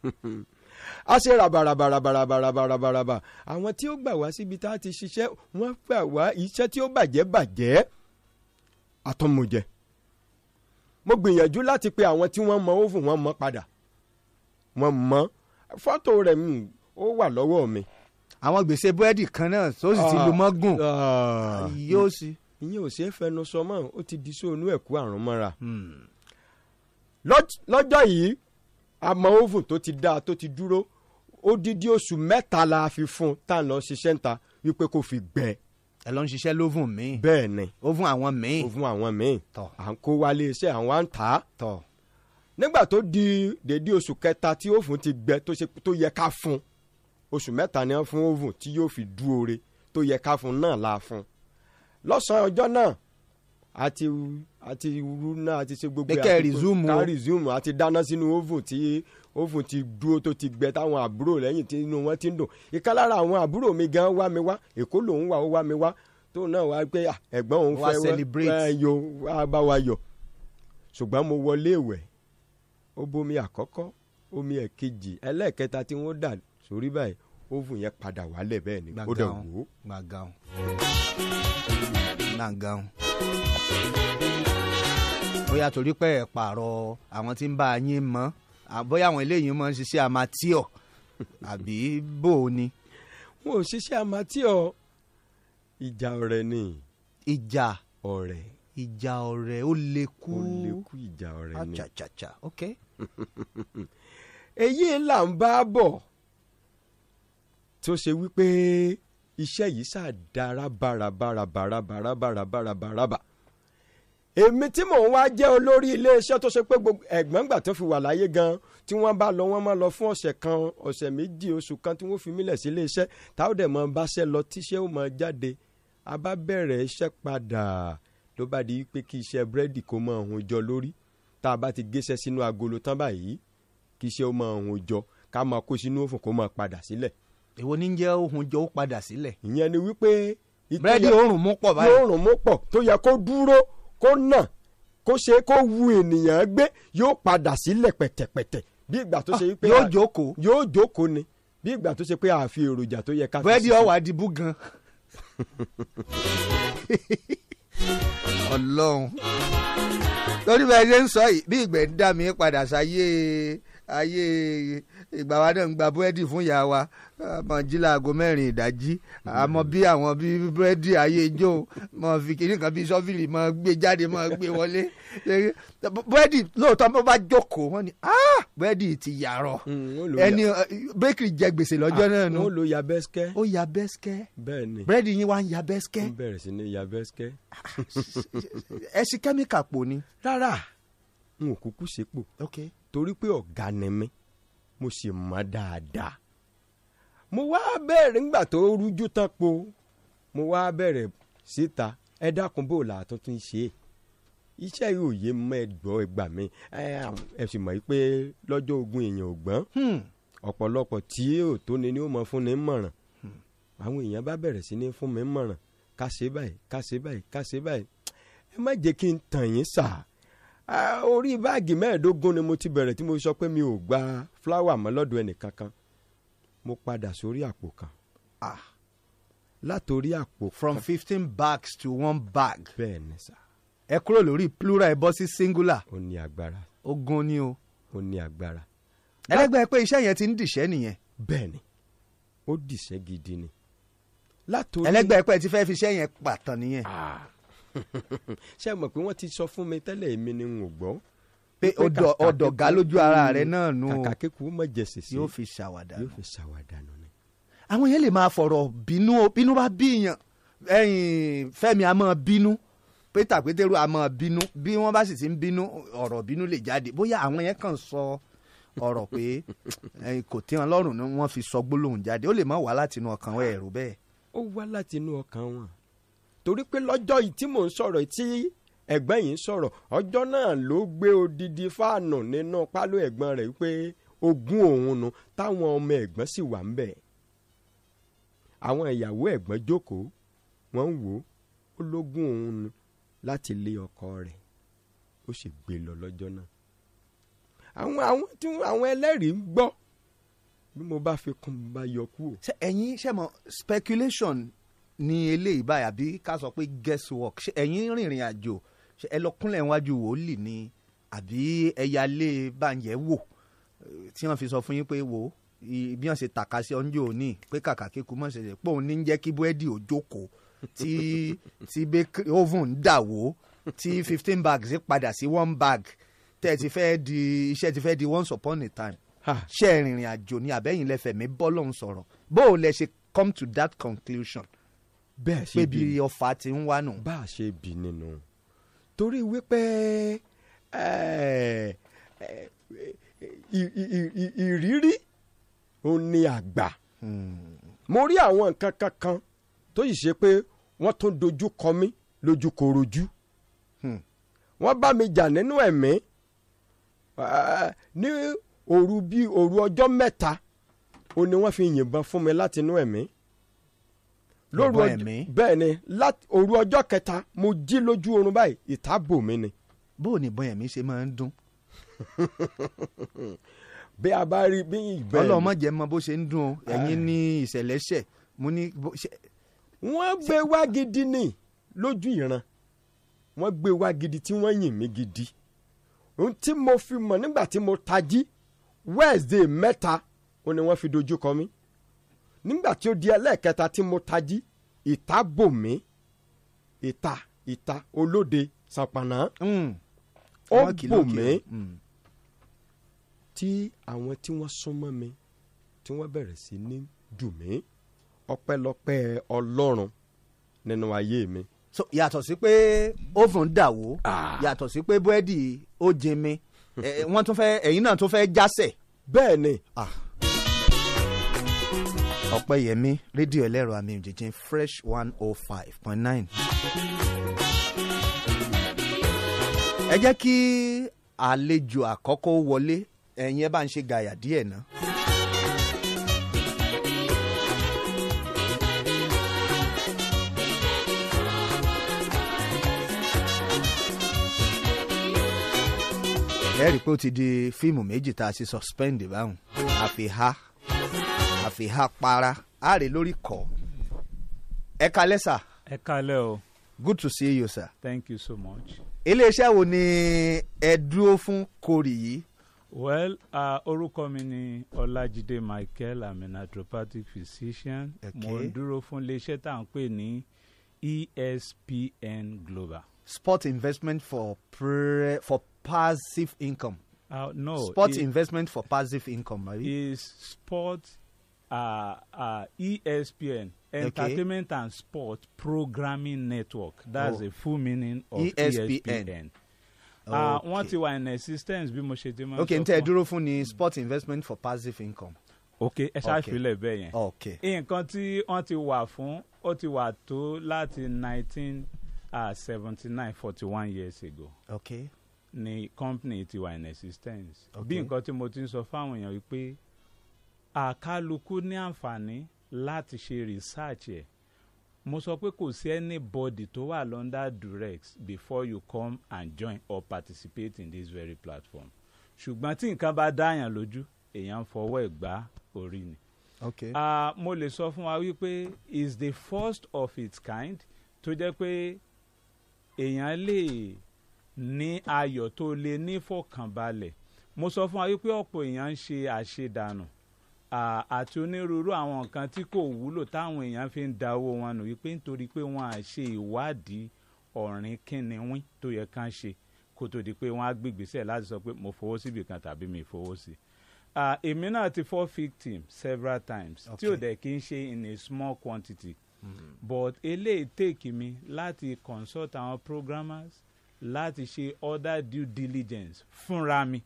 <laughs> a ṣe rabarabarabarabarabaraba àwọn tí ó gbà wá síbi tá a ti ṣiṣẹ́ wọ́n gbà wá iṣẹ́ tí ó bàjẹ́ bàjẹ́ àtọ́mọ̀jẹ́ mo gbìyànjú láti pe àwọn tí wọ́n mọ ó fún wọn mọ́ padà wọ́n mọ̀ fọ́tò rẹ̀ hmm, ó wà lọ́wọ́ mi. àwọn gbèsè búrẹ́dì kan náà tó sì ti ah, lu mọ́gùn ah, yóò sí. ìyẹn ò ṣe é fẹnu sọ mọ́ ó ti di sóònù ẹ̀kú àrùn mọ́ra. Hmm. lọ́jọ́ yìí àmọ́ oven tó ti dáa tó ti dúró odidi oṣù mẹ́ta la fi fún tá a lọ ṣiṣẹ́ ń ta wípé kò fi gbẹ ẹ lọ ń ṣiṣẹ́ lóvùn míì. bẹ́ẹ̀ ni. ovun àwọn míì. ovun àwọn míì. tọ à ń kó wálé iṣẹ́ àwọn à ń tà tọ nígbà tó di dèdí oṣù kẹta tí òfun ti gbẹ tó ṣe tó yẹ ká fún oṣù mẹ́ta ni wọ́n fún òfun tí yóò fi dú oore tó yẹ ká fún náà la fún lọ́sàn-án ọjọ́ náà àti àti ru náà àti ṣe gbogbo àti ká rìzúmù ká rìzúmù àti dáná sínú òfun tí òfun ti dúró tó ti gbẹ táwọn àbúrò lẹ́yìn tí inú wọn ti ń dùn ìkan lára àwọn àbúrò mi gan wá mi wá èkó lòun wà ó wá mi wá tó náà wá pé ẹ̀gbọ́n òun fẹ́ wá yọ wá bá wa yọ ṣùgbọ́n mo wọlé ìwẹ̀ ó bomi àkọ́kọ́ omi ẹ̀kejì ẹlẹ́ẹ̀kẹta tí wọ́n dà sórí báyìí oven yẹn padà wálẹ̀ bẹ́ẹ̀ ni ó dẹ̀ wò ó. gbàgàun gbàgàun bóyá torí pé ẹ̀ pààrọ̀ àwọn tí ń bá yín mọ́ bóyá àwọn eléyìí mọ́ ń ṣiṣẹ́ amatíọ̀ àbí bò ó ni. wọn ò ṣiṣẹ́ amatíọ̀ ìjà ọ̀rẹ́ ni. ìjà ọ̀rẹ́. ìjà ọ̀rẹ́ ó lè kú. ó lè kú ìjà ọ̀rẹ́ ni. àchàchàchà ok. <laughs> èyí là ń bá bọ̀ tó ṣe wípé iṣẹ́ yìí ṣàdára bàràbàràbàràbàràbàràbàràbà èmi tí mò ń wá jẹ́ olórí iléeṣẹ́ tó ṣe pé gbogbo ẹ̀gbọ́n gbà tó fi wà láyé gan tí wọ́n bá lọ wọ́n máa lọ fún ọ̀sẹ̀ kan ọ̀sẹ̀ méjì oṣù kan tí wọ́n fi mílẹ̀ sí iléeṣẹ́ táwọn dẹ̀ mọ báṣẹ́ lọ tíṣẹ́ ó mọ jáde a bá bẹ̀rẹ̀ iṣẹ́ padà ló bá di pé kí iṣẹ́ búrẹ́dì kó mọ òun jọ lórí tá a bá ti gé iṣẹ́ sínú agolo tán báyìí kí iṣẹ́ ó máa hun jọ ká máa kó sínú òfun kó máa padà sílẹ̀. èwo ní jẹ́ ohun jọ ó padà sílẹ̀. ìyẹn ni wípé. búrẹ́dì òórùn mú pọ̀ báyìí. òórùn mú pọ̀ tó yẹ kó dúró kó nà kó ṣe kó wu ènìyàn gbé yóò padà sílẹ̀ pẹ̀tẹ̀pẹ̀tẹ̀ bí ìgbà tó ṣe ah, wípé. yóò jókòó. yóò jókòó ni bí ìgbà tó ṣe pé a fi èròjà tó yẹ ká fi búrẹ́dì ọ̀wà dìbú gan. <laughs> ọlọ́run torí bẹ́ẹ̀ ṣe ń sọ yìí bí ìgbẹ́ ń dá mi padà sáyé ayé ìgbà wa náà ń gba búrẹ́dì fún ìyá wa mọ̀ jí láago mẹ́rin ìdájí àmọ́ bí àwọn bí búrẹ́dì ayé ijó mọ̀ fi kiri kan bí sọ́fìlì mọ̀ gbé jáde mọ̀ gbé wọlé búrẹ́dì lóòótọ́ bó bá jókòó wọ́n ní ah, búrẹ́dì ti yàrọ̀ mm, ẹni bakery jẹ gbèsè lọ́jọ́ ah, náà nù. ó lo ya bẹ́sikẹ́. ó ya bẹ́sikẹ́. bẹ́ẹ̀ni búrẹ́dì yín wá ń ya bẹ́sikẹ́. ń bẹ̀rẹ̀ sí ni ya bẹ́sikẹ́. ẹ ṣi kẹ́míkà pò ni. rárá n ò kúkú ṣe pò. ok torí pé ọ̀gá ni mi mo sì mọ̀ dáadáa mo wá bẹ̀rẹ̀ nígbà tó rújú tán po mo wá bẹ̀rẹ̀ síta ẹ dákun bò là tuntun ṣe iṣẹ́ yóò yé mọ́ ẹ gbọ́ ẹ gbà mí ẹ sì mọ̀ pé lọ́jọ́ ogun èèyàn ò gbọ́n hmm. ọ̀pọ̀lọpọ̀ tí ò tó ni ni ó mọ fún ni mọ̀ràn hmm. àwọn èèyàn bá bẹ̀rẹ̀ sí ní fún mi mọ̀ràn ká báyìí ká báyìí ká báyìí ẹ má jẹ́ kí n tàn yín sáà orí báàgì mẹ́ẹ̀ẹ́dógún ni mo ti bẹ̀rẹ̀ tí mo sọ pé mi ò gba fúláwà mọ́ lọ́dọ̀ ẹnìkankan mo padà sórí àpò kan látòrí àpò kan. from fifteen bags to one bag. bẹ́ẹ̀ni sá. ẹ kúrò lórí plural ẹ bọ́ sí singular. ó ní agbára. ogun ni o. ó ní agbára. ẹlẹgbẹ́ pé iṣẹ́ yẹn ti ń dìṣẹ́ nìyẹn. bẹ́ẹ̀ni ó dìṣẹ́ gidi ni. látòrí ẹlẹgbẹ́ pé ti fẹ́ fi iṣẹ́ yẹn pàtàn nìyẹn. ah <laughs> ṣé mọ̀ pé wọ́n ti sọ fún mi tẹ́lẹ̀ èmi ni n ò gbọ́. pé ọ̀dọ̀ ga lójú ara rẹ̀ náà nù. kàkà kéku mọ̀ jẹ̀sì sí. yóò fi ṣàwàdà nù. yóò fi ṣàwàdà nù àwọn yẹn lè máa fọ̀rọ̀ bínú bínú bá bíyàn ẹ̀yìn fẹ́mi a máa bínú pété pétérù a máa bínú bí wọ́n bá sì ti ń bínú ọ̀rọ̀ bínú lè jáde bóyá àwọn yẹn kàn sọ. So pé <laughs> kò tí wọn lọ́rùn ni wọ́n fi sọ gbólóhùn jáde ó lè má wá látinú ọkàn wọn ẹ̀rù bẹ́ẹ̀. ó wá látinú ọkàn wọn torí pé lọ́jọ́ yìí tí mò ń sọ̀rọ̀ tí ẹ̀gbọ́n yìí ń sọ̀rọ̀ ọjọ́ náà ló gbé odidi fáànù nínú pálọ ẹ̀gbọ́n rẹ̀ wípé ogún òun nu táwọn ọmọ ẹ̀gbọ́n sì wà ń bẹ̀. àwọn ìyàwó ẹ̀gbọ́n jókòó wọ́n ń wò ó lógún òun nu láti lé ọkọ rẹ̀ ó sì gbé lọ lọ́jọ́ náà. àwọn tí àwọn ẹlẹ́rìí ń gbọ́ bí mo bá fi kún bá yọ kú. ẹ̀yin ṣe mọ̀ speculation ní eléyìí báyìí àbí ká sọ pé guest work ṣe ẹ̀yin rìnrìn àjò ẹ lọ kúnlẹ̀ níwájú wòlíì ni àbí ẹ̀yálé bàǹjẹ́ wò tí wọ́n fi sọ fún yín pé wò bí wọ́n ṣe tàka sí ọ́njọ́ òní pé kàkà kíkú mọ̀ ṣẹ̀ṣẹ̀ pé òun ní jẹ́ kí búrẹ́dì ò jókòó tí tí bakery oven ń dà wó tí fifteen bags padà sí one bag tẹ́ ẹ ti fẹ́ di iṣẹ́ ti fẹ́ di once upon a time ṣe ìrìnrìn àjò ni àbẹ́yìn lẹ́fẹ̀ẹ́ mi bọ́ lòun sọ̀rọ̀ bó o lẹ ṣe come to that conclusion bẹ́ẹ̀ ṣe bí pébi ọ̀fà ti ń wá nù. bá a ṣe bí nínú torí wípé ìrírí ò ní àgbà hmm. mo rí àwọn nǹkan kankan tó yìí ṣe pé wọ́n tún dojú kọ mí lójú korojú hmm. wọ́n bá mi jà nínú ẹ̀mí ní òru bíi òru ọjọ́ mẹ́ta ó ní wọ́n fi yìnbọn fún mi látinú ẹ̀mí. E lóru ọjọ́ bẹ́ẹ̀ ni láti òru ọjọ́ kẹta mo jí lójú oorun báyìí ìta bò mí ni. bó o ní ìbọn ẹ̀mí ṣe máa ń dún. <laughs> bí a bá rí bí ìbẹ́ ọlọ́mọdé mọ bó ṣe ń dún o ẹ̀yin ní ìṣẹ̀lẹ̀ ṣẹ̀ mo ní. wọ́n gbé wá gidi ni lójú ìran wọ́n gbé wá gidi tí wọ́n yìn mí gidi ohun tí mo fi mọ̀ nígbà tí mo tají Wednesday mẹ́ta ó ní wọ́n fi dojú kọ mí nígbà tí ó di ẹlẹ́ẹ̀kẹta tí mo tají ìta bò mí ìta ìta olóde sàpànà hmm. ó bò mí hmm. tí àwọn tí wọ́n súnmọ́ mi tí wọ́n bẹ̀rẹ̀ sí ní dù mí ọpẹ́lọpẹ́ ọlọ́run nínú ayé mi. so yàtọ̀ sí pé oven dàwó yàtọ̀ sí pé búrẹ́dì ó jin mi <laughs> wọ́n tún fẹ́ ẹ̀yin náà tún fẹ́ jásẹ̀. bẹ́ẹ̀ ni. Ah ọ̀pẹ́yẹmí rédíò ẹlẹ́rọ àmì ìjìnjìn fresh one oh five point nine. ẹ jẹ́ kí àlejò àkọ́kọ́ wọlé ẹ̀yin ẹ bá ń ṣe gàyà díẹ̀ ná. ẹ rí i pé ó ti di fíìmù méjì tá a ṣe suspend báwọn àfi ha àfihàn para àárẹ lórí kọ ẹ kalẹ sà. ẹ kalẹ o. good to see you sir. thank you so much. iléeṣẹ́ wo ni ẹ dúró fún kórì yìí. well orúkọ mi ni ọlájídé michael i'm a naturopathic physician mo ń dúró fún iléeṣẹ́ tá à ń pè ní espn global. sport investment for pre for passive income. Uh, no. Sport it, investment for passive income. Right? Is sport uh, uh, ESPN, Entertainment okay. and Sport Programming Network. That's oh. the full meaning of ESPN. ESPN. Uh, okay. Wọ́n ti wà in existence bí mo ṣe ti máa sọ fún. Okay, n tẹ́ ẹ dúró fún ni Sport Investment for Passive Income. Okay, ẹ ṣàfilẹ̀ bẹ́ẹ̀ yẹn. Okay. Nǹkan tí wọ́n ti wà fún ó ti wà tó láti nineteen uh, seventy nine forty one years ago. Okay. Ni company ti wà in existence. Okay. Bí nǹkan tí mo ti ń sọ fáwọn èèyàn wípé àkálukú ní àǹfààní láti ṣe research ẹ̀ mo sọ pé kò sí anybody tó wà london durex before you come and join or participate in this very platform ṣùgbọ́n tí nǹkan bá dáyàn lójú èèyàn fọwọ́ ẹ̀ gbá orí ni. okay. uh, mo lè sọ fún wa wípé is the first of its kind tó jẹ́ pé èèyàn lè ní ayọ̀ tó lè ní fọkànbalẹ̀ mo sọ fún wa wípé ọ̀pọ̀ èèyàn ń ṣe àṣedànù àti onírúurú àwọn nǹkan tí kò wúlò táwọn èèyàn fi ń da owó wọn nù wípé nítorí pé wọ́n á ṣe ìwádìí ọ̀rìn kínníwín tó yẹ kán ṣe kó tó di pé wọ́n á gbìgbésẹ̀ láti sọ pé mo fowó síbì kan tàbí mi fowó sí i èmi uh, náà ti fall victim several times okay. tí ò dẹ̀ kí n ṣe in a small quantity mm -hmm. but eléyìí take mi láti consult àwọn programmers láti ṣe other due diligence fúnra mi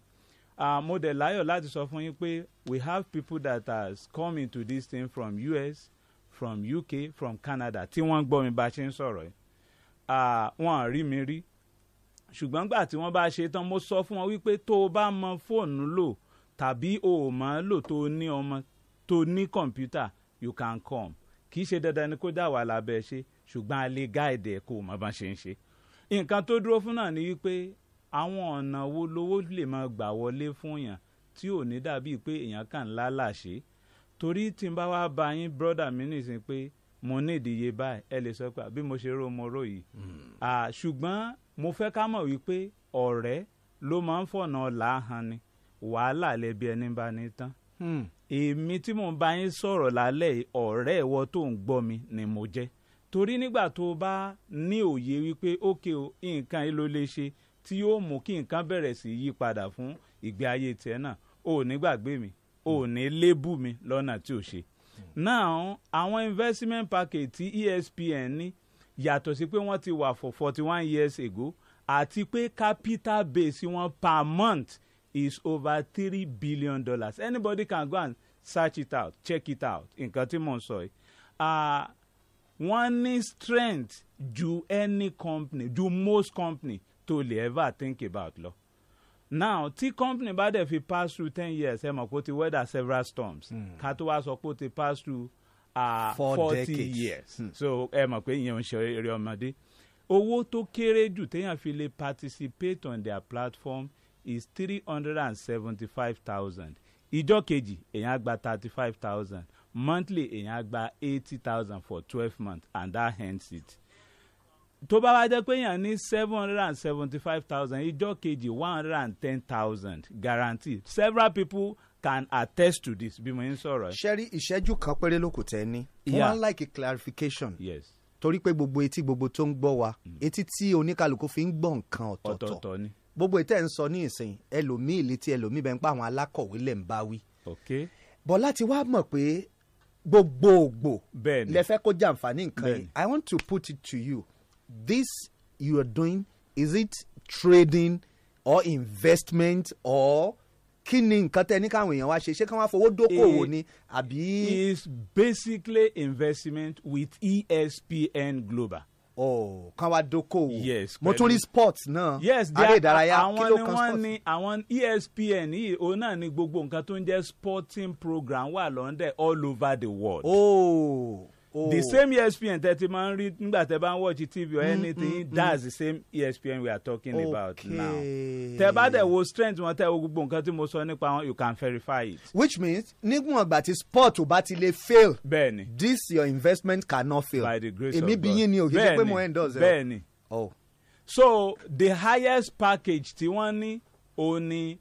uh, mo dẹ̀ láyọ̀ láti sọ fún yín pé we have people that has come into this thing from US from UK from Canada tí wọ́n gbọ́ mi bá ṣe ń sọ̀rọ̀ yìí wọ́n rí mi rí ṣùgbọ́n gbà tí wọ́n bá ṣe tán mo sọ fún wọn wípé tó o bá mọ fóònù lò tàbí o ò mọ̀ lò tó o ní ọmọ tó o ní kọ̀ǹpútà you can come kì í ṣe dandan ni kó dà wà lábẹ́ ṣe ṣùgbọ́n a lè gáàdì ẹ̀ kó o mọ̀ bá ṣe ń ṣe nǹkan tó dúró fún náà ni wípé àwọn ọ̀nà wo lówó lè máa gbà wọlé fún yàn tí ò ní dàbí pé èèyàn kàn lálàṣe torí tí n bá wá bá yín brọ́dà mi nìsín pé mo ní ìdíye báyìí ẹ lè sọ pé bí mo ṣe rò mo rò yìí hmm. ṣùgbọ́n mo fẹ́ ká mọ̀ wípé ọ̀rẹ́ ló máa ń fọ̀nà ọ̀la hàn ni wàhálà lẹ́bi ẹni bá ní tán hmm. èmi tí mo bá yín sọ̀rọ̀ lálẹ́ ọ̀rẹ́ ìwọ tó ń gbọ́ mi ni mo jẹ́ torí nígbà tó bá ní òye wípé ókè o nǹkan yìí ló lè ṣe tí yóò mú kí nǹkan bẹ̀rẹ̀ sí yí padà fún ìgbé ayé tiẹ̀ náà ò ní gbàgbé mi ò ní lébù mi lọ́nà tí o ṣe. now àwọn investment package tí ESPN ní yàtọ̀ sí pé wọ́n ti wà for forty one years ago àti pé capital base wọn per month is over three billion dollars anybody can go and search it out check it out nǹkan tí mò ń sọ yìí wọ́n ní strength ju any company ju most company tó lè ever think about lọ. now tí company bá dẹ̀ fi pass through ten years ẹ mọ̀ pé ti weather several storms hmm. ká tó wá sọ pé ó ti pass through forty uh, years hmm. so ẹ mọ̀ pé ìyẹn ò ń ṣe eré ọmọdé owó tó kéré jù téèyàn fi lè participate on their platform is three hundred and seventy-five thousand ìjọ kejì èèyàn gba thirty-five thousand monthly èèyàn gba eighty thousand for twelve months and that ends it tó bá wá jẹ́ pé èèyàn ní seven hundred and seventy five thousand ìjọ kejì one hundred and ten thousand guaranteed several people can attest to this bí mo ń sọ̀rọ̀ ẹ̀. ṣẹ́rí ìṣẹ́jú kan péré ló kù tẹ́ ní wọ́n á like clarification yes. torí pé gbogbo etí gbogbo tó ń gbọ́ wa mm. etí tí oníkàlùkù fi ń gbọ́ nǹkan ọ̀tọ̀ọ̀tọ̀ ni gbogbo ètò ẹ̀ ń sọ ní ìsìn ẹlòmíì létí ẹlòmíì bẹ́ẹ̀ ń pa àwọn alákọ̀wé lẹ̀ ń bá wí. bọ̀ láti wá mọ̀ pé gbogbogbò lẹ fẹ́ kó jàǹfààní nǹkan yìí I want to put it to you this you are doing is it trading or investment or kí ni nǹkan tẹ ní káwọn èèyàn wá ṣe ṣé kí wọ́n fowó dókòwò ni àbí. is basically investment with ESPN Global. oh kán wá dókòwò. yes mo tún rí sports náà. yes are ìdárayá kí ló kan ni àwọn ESPN yìí òun náà ni gbogbo nǹkan tó ń jẹ́ sporting program wà lọ́ndẹ̀ all over the world. oh Oh. the same ESPN tẹ ti máa ń rí nígbà tẹ bá ń watch TV or mm-hmm. anything mm, mm, that's the same ESPN we are talking okay. about now tẹ bá dẹ̀ wo strength wọn tẹ wo gbogbo nǹkan tí mo sọ nípa wọn you can verify it. which means nígbà ọgbà tí sport ò bá ti lè fail bẹ́ẹ̀ni this your investment cannot fail by the grace of God èmi bí ni o pé mo endorse ẹ o oh. so the highest package tí wọ́n ní o ní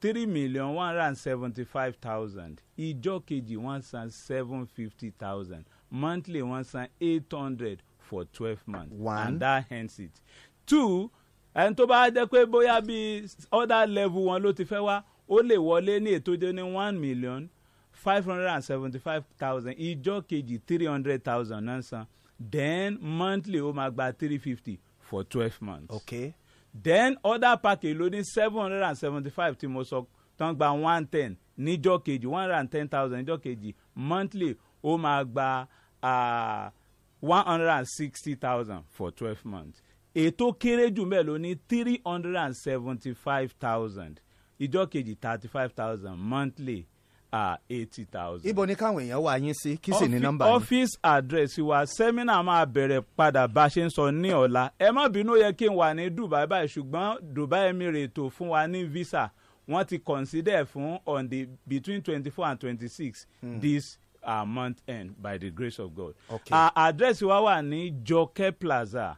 three million one hundred and seventy-five thousand ìjọ kejì one san seven fifty thousand monthly wọ́n san eight hundred for twelve months. one and that ends it. two ẹni tó bá jẹ́ pé bóyá bíi other level wọn ló ti fẹ́ wá ó lè wọlé ní ètò ìjọ ní one million five hundred and seventy-five thousand ìjọ kejì three hundred thousand náà san then monthly ó máa gba three fifty for twelve months. okay. then other package ló ní seven hundred and seventy-five tí mo sọ tán gba one ten níjọ kejì one hundred and ten thousand níjọ kejì monthly ó máa gba. Uh, one hundred and sixty thousand for twelve months ètò kéré jù mẹ́ẹ̀ ló three hundred and seventy five thousand ìjọ kejì thirty five thousand monthly uh, eighty thousand. ibo ni káwọn èèyàn wá yín sí kí sì ní nọ́mbà yín. ọ́fíìsì àdírẹ́sì wa sẹ́mínà máa bẹ̀rẹ̀ padà bá a ṣe ń sọ ní ọ̀la ẹ má bínú yẹ kí n wà ní Dubai báyìí ṣùgbọ́n Dubai Emirate tó fún wa ní visa wọ́n ti consider fún on the between twenty four and twenty six hmm. this our month end by the grace of God. Okay. Our address wa wà ní Jọkẹ́ Plaza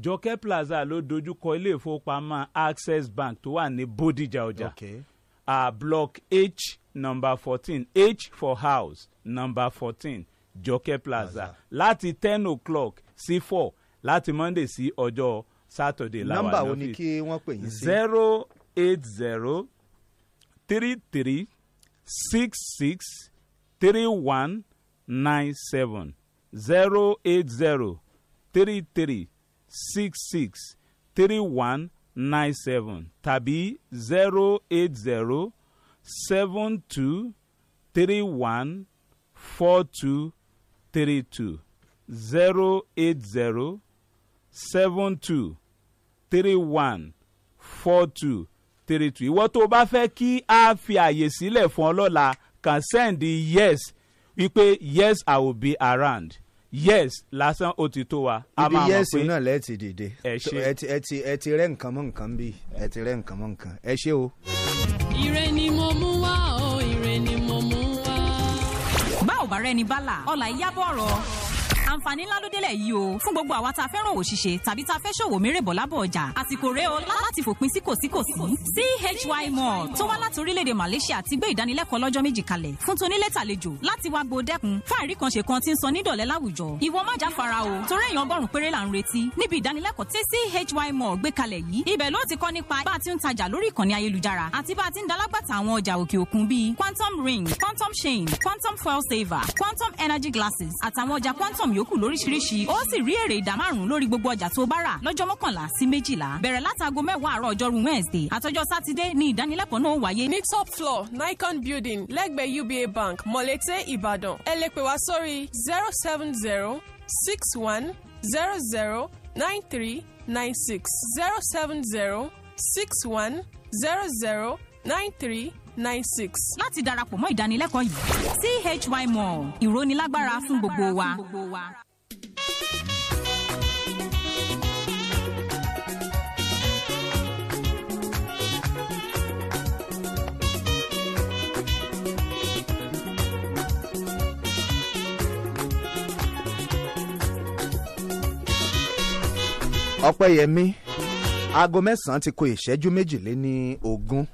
Jọkẹ́ Plaza ló dojúkọ ilé ìfowópamọ́ Access Bank tó wà ní Bódìjà ọjà. Okay. Our block H number fourteen H for house number fourteen Jọkẹ́ Plaza láti ten o'clock sí four láti Monday sí ọjọ́ Saturday láwa ní ọ́fíìsì. Nọ́mbà wo ni pè yín sí? zero eight zero three three six six three one nine seven zero eight zero three three six six three one nine seven tàbí zero eight zero seven two three one four two three two zero eight zero seven two three one four two three two ìwọ tó o bá fẹ́ kí a fi àyè sílẹ̀ fún ọ lọ́la can send yes wípé yes i will be around yes lásán ó ti tó wa. ibi yes náà lẹ́ẹ̀ ti dìde ẹ ti rẹ́ nǹkan mọ́ nǹkan bí ẹ ti rẹ́ nǹkan mọ́ nǹkan ẹ ṣé o. ire ni mo mú wá o ire ni mo mú wá. bá ò bá rẹ́ni bá là ọ̀la ìyábọ̀ ọ̀rọ̀ àǹfààní ńlá ló délẹ̀ yìí o fún gbogbo àwa ta fẹ́ràn òwò tàbí ta fẹ́ ṣòwò mérèbọ̀ lábọ̀ ọjà àsìkò rèé o láti fòpin sí kòsíkòsí CHY mall tó wá láti orílẹ̀-èdè Malaysia ti gbé ìdánilẹ́kọ̀ọ́ lọ́jọ́ méjì kalẹ̀ fún tonílé tàlejò láti wá gbọ́ dẹ́kun fáàrí kan kan ti ń sọ nídọ̀lẹ́ láwùjọ ìwọ má já fara o torí èèyàn ọgọ́rùn-ún péré là ń retí níbi ìdánilẹ́kọ̀ọ́ tí àtàwọn ọjà quantum yòókù dínkù lóríṣiríṣi ó sì rí èrè ìdá márùn-ún lórí gbogbo ọjà tó bá rà lọ́jọ́ mọ́kànlá sí méjìlá bẹ̀rẹ̀ látago mẹ́wàá àárọ̀ ọjọ́rú Wednesday àtọjọ́ sátidé ni ìdánilẹ́kọ̀ọ́ náà wáyé. ní top floor Nikon building lẹ́gbẹ̀ẹ́ UBA bank Mọ̀lété Ìbàdàn ẹ lè pè wá sórí zero seven zero six one zero zero nine three nine six zero seven zero six one zero zero nine three nine six. láti darapọ̀ mọ́ ìdánilẹ́kọ̀ọ́ yìí CHY mall ìrónilágbára fún gbogbo wa. ọpẹ́yẹmí aago mẹ́sàn-án ti kó ìṣẹ́jú méjìléní ogún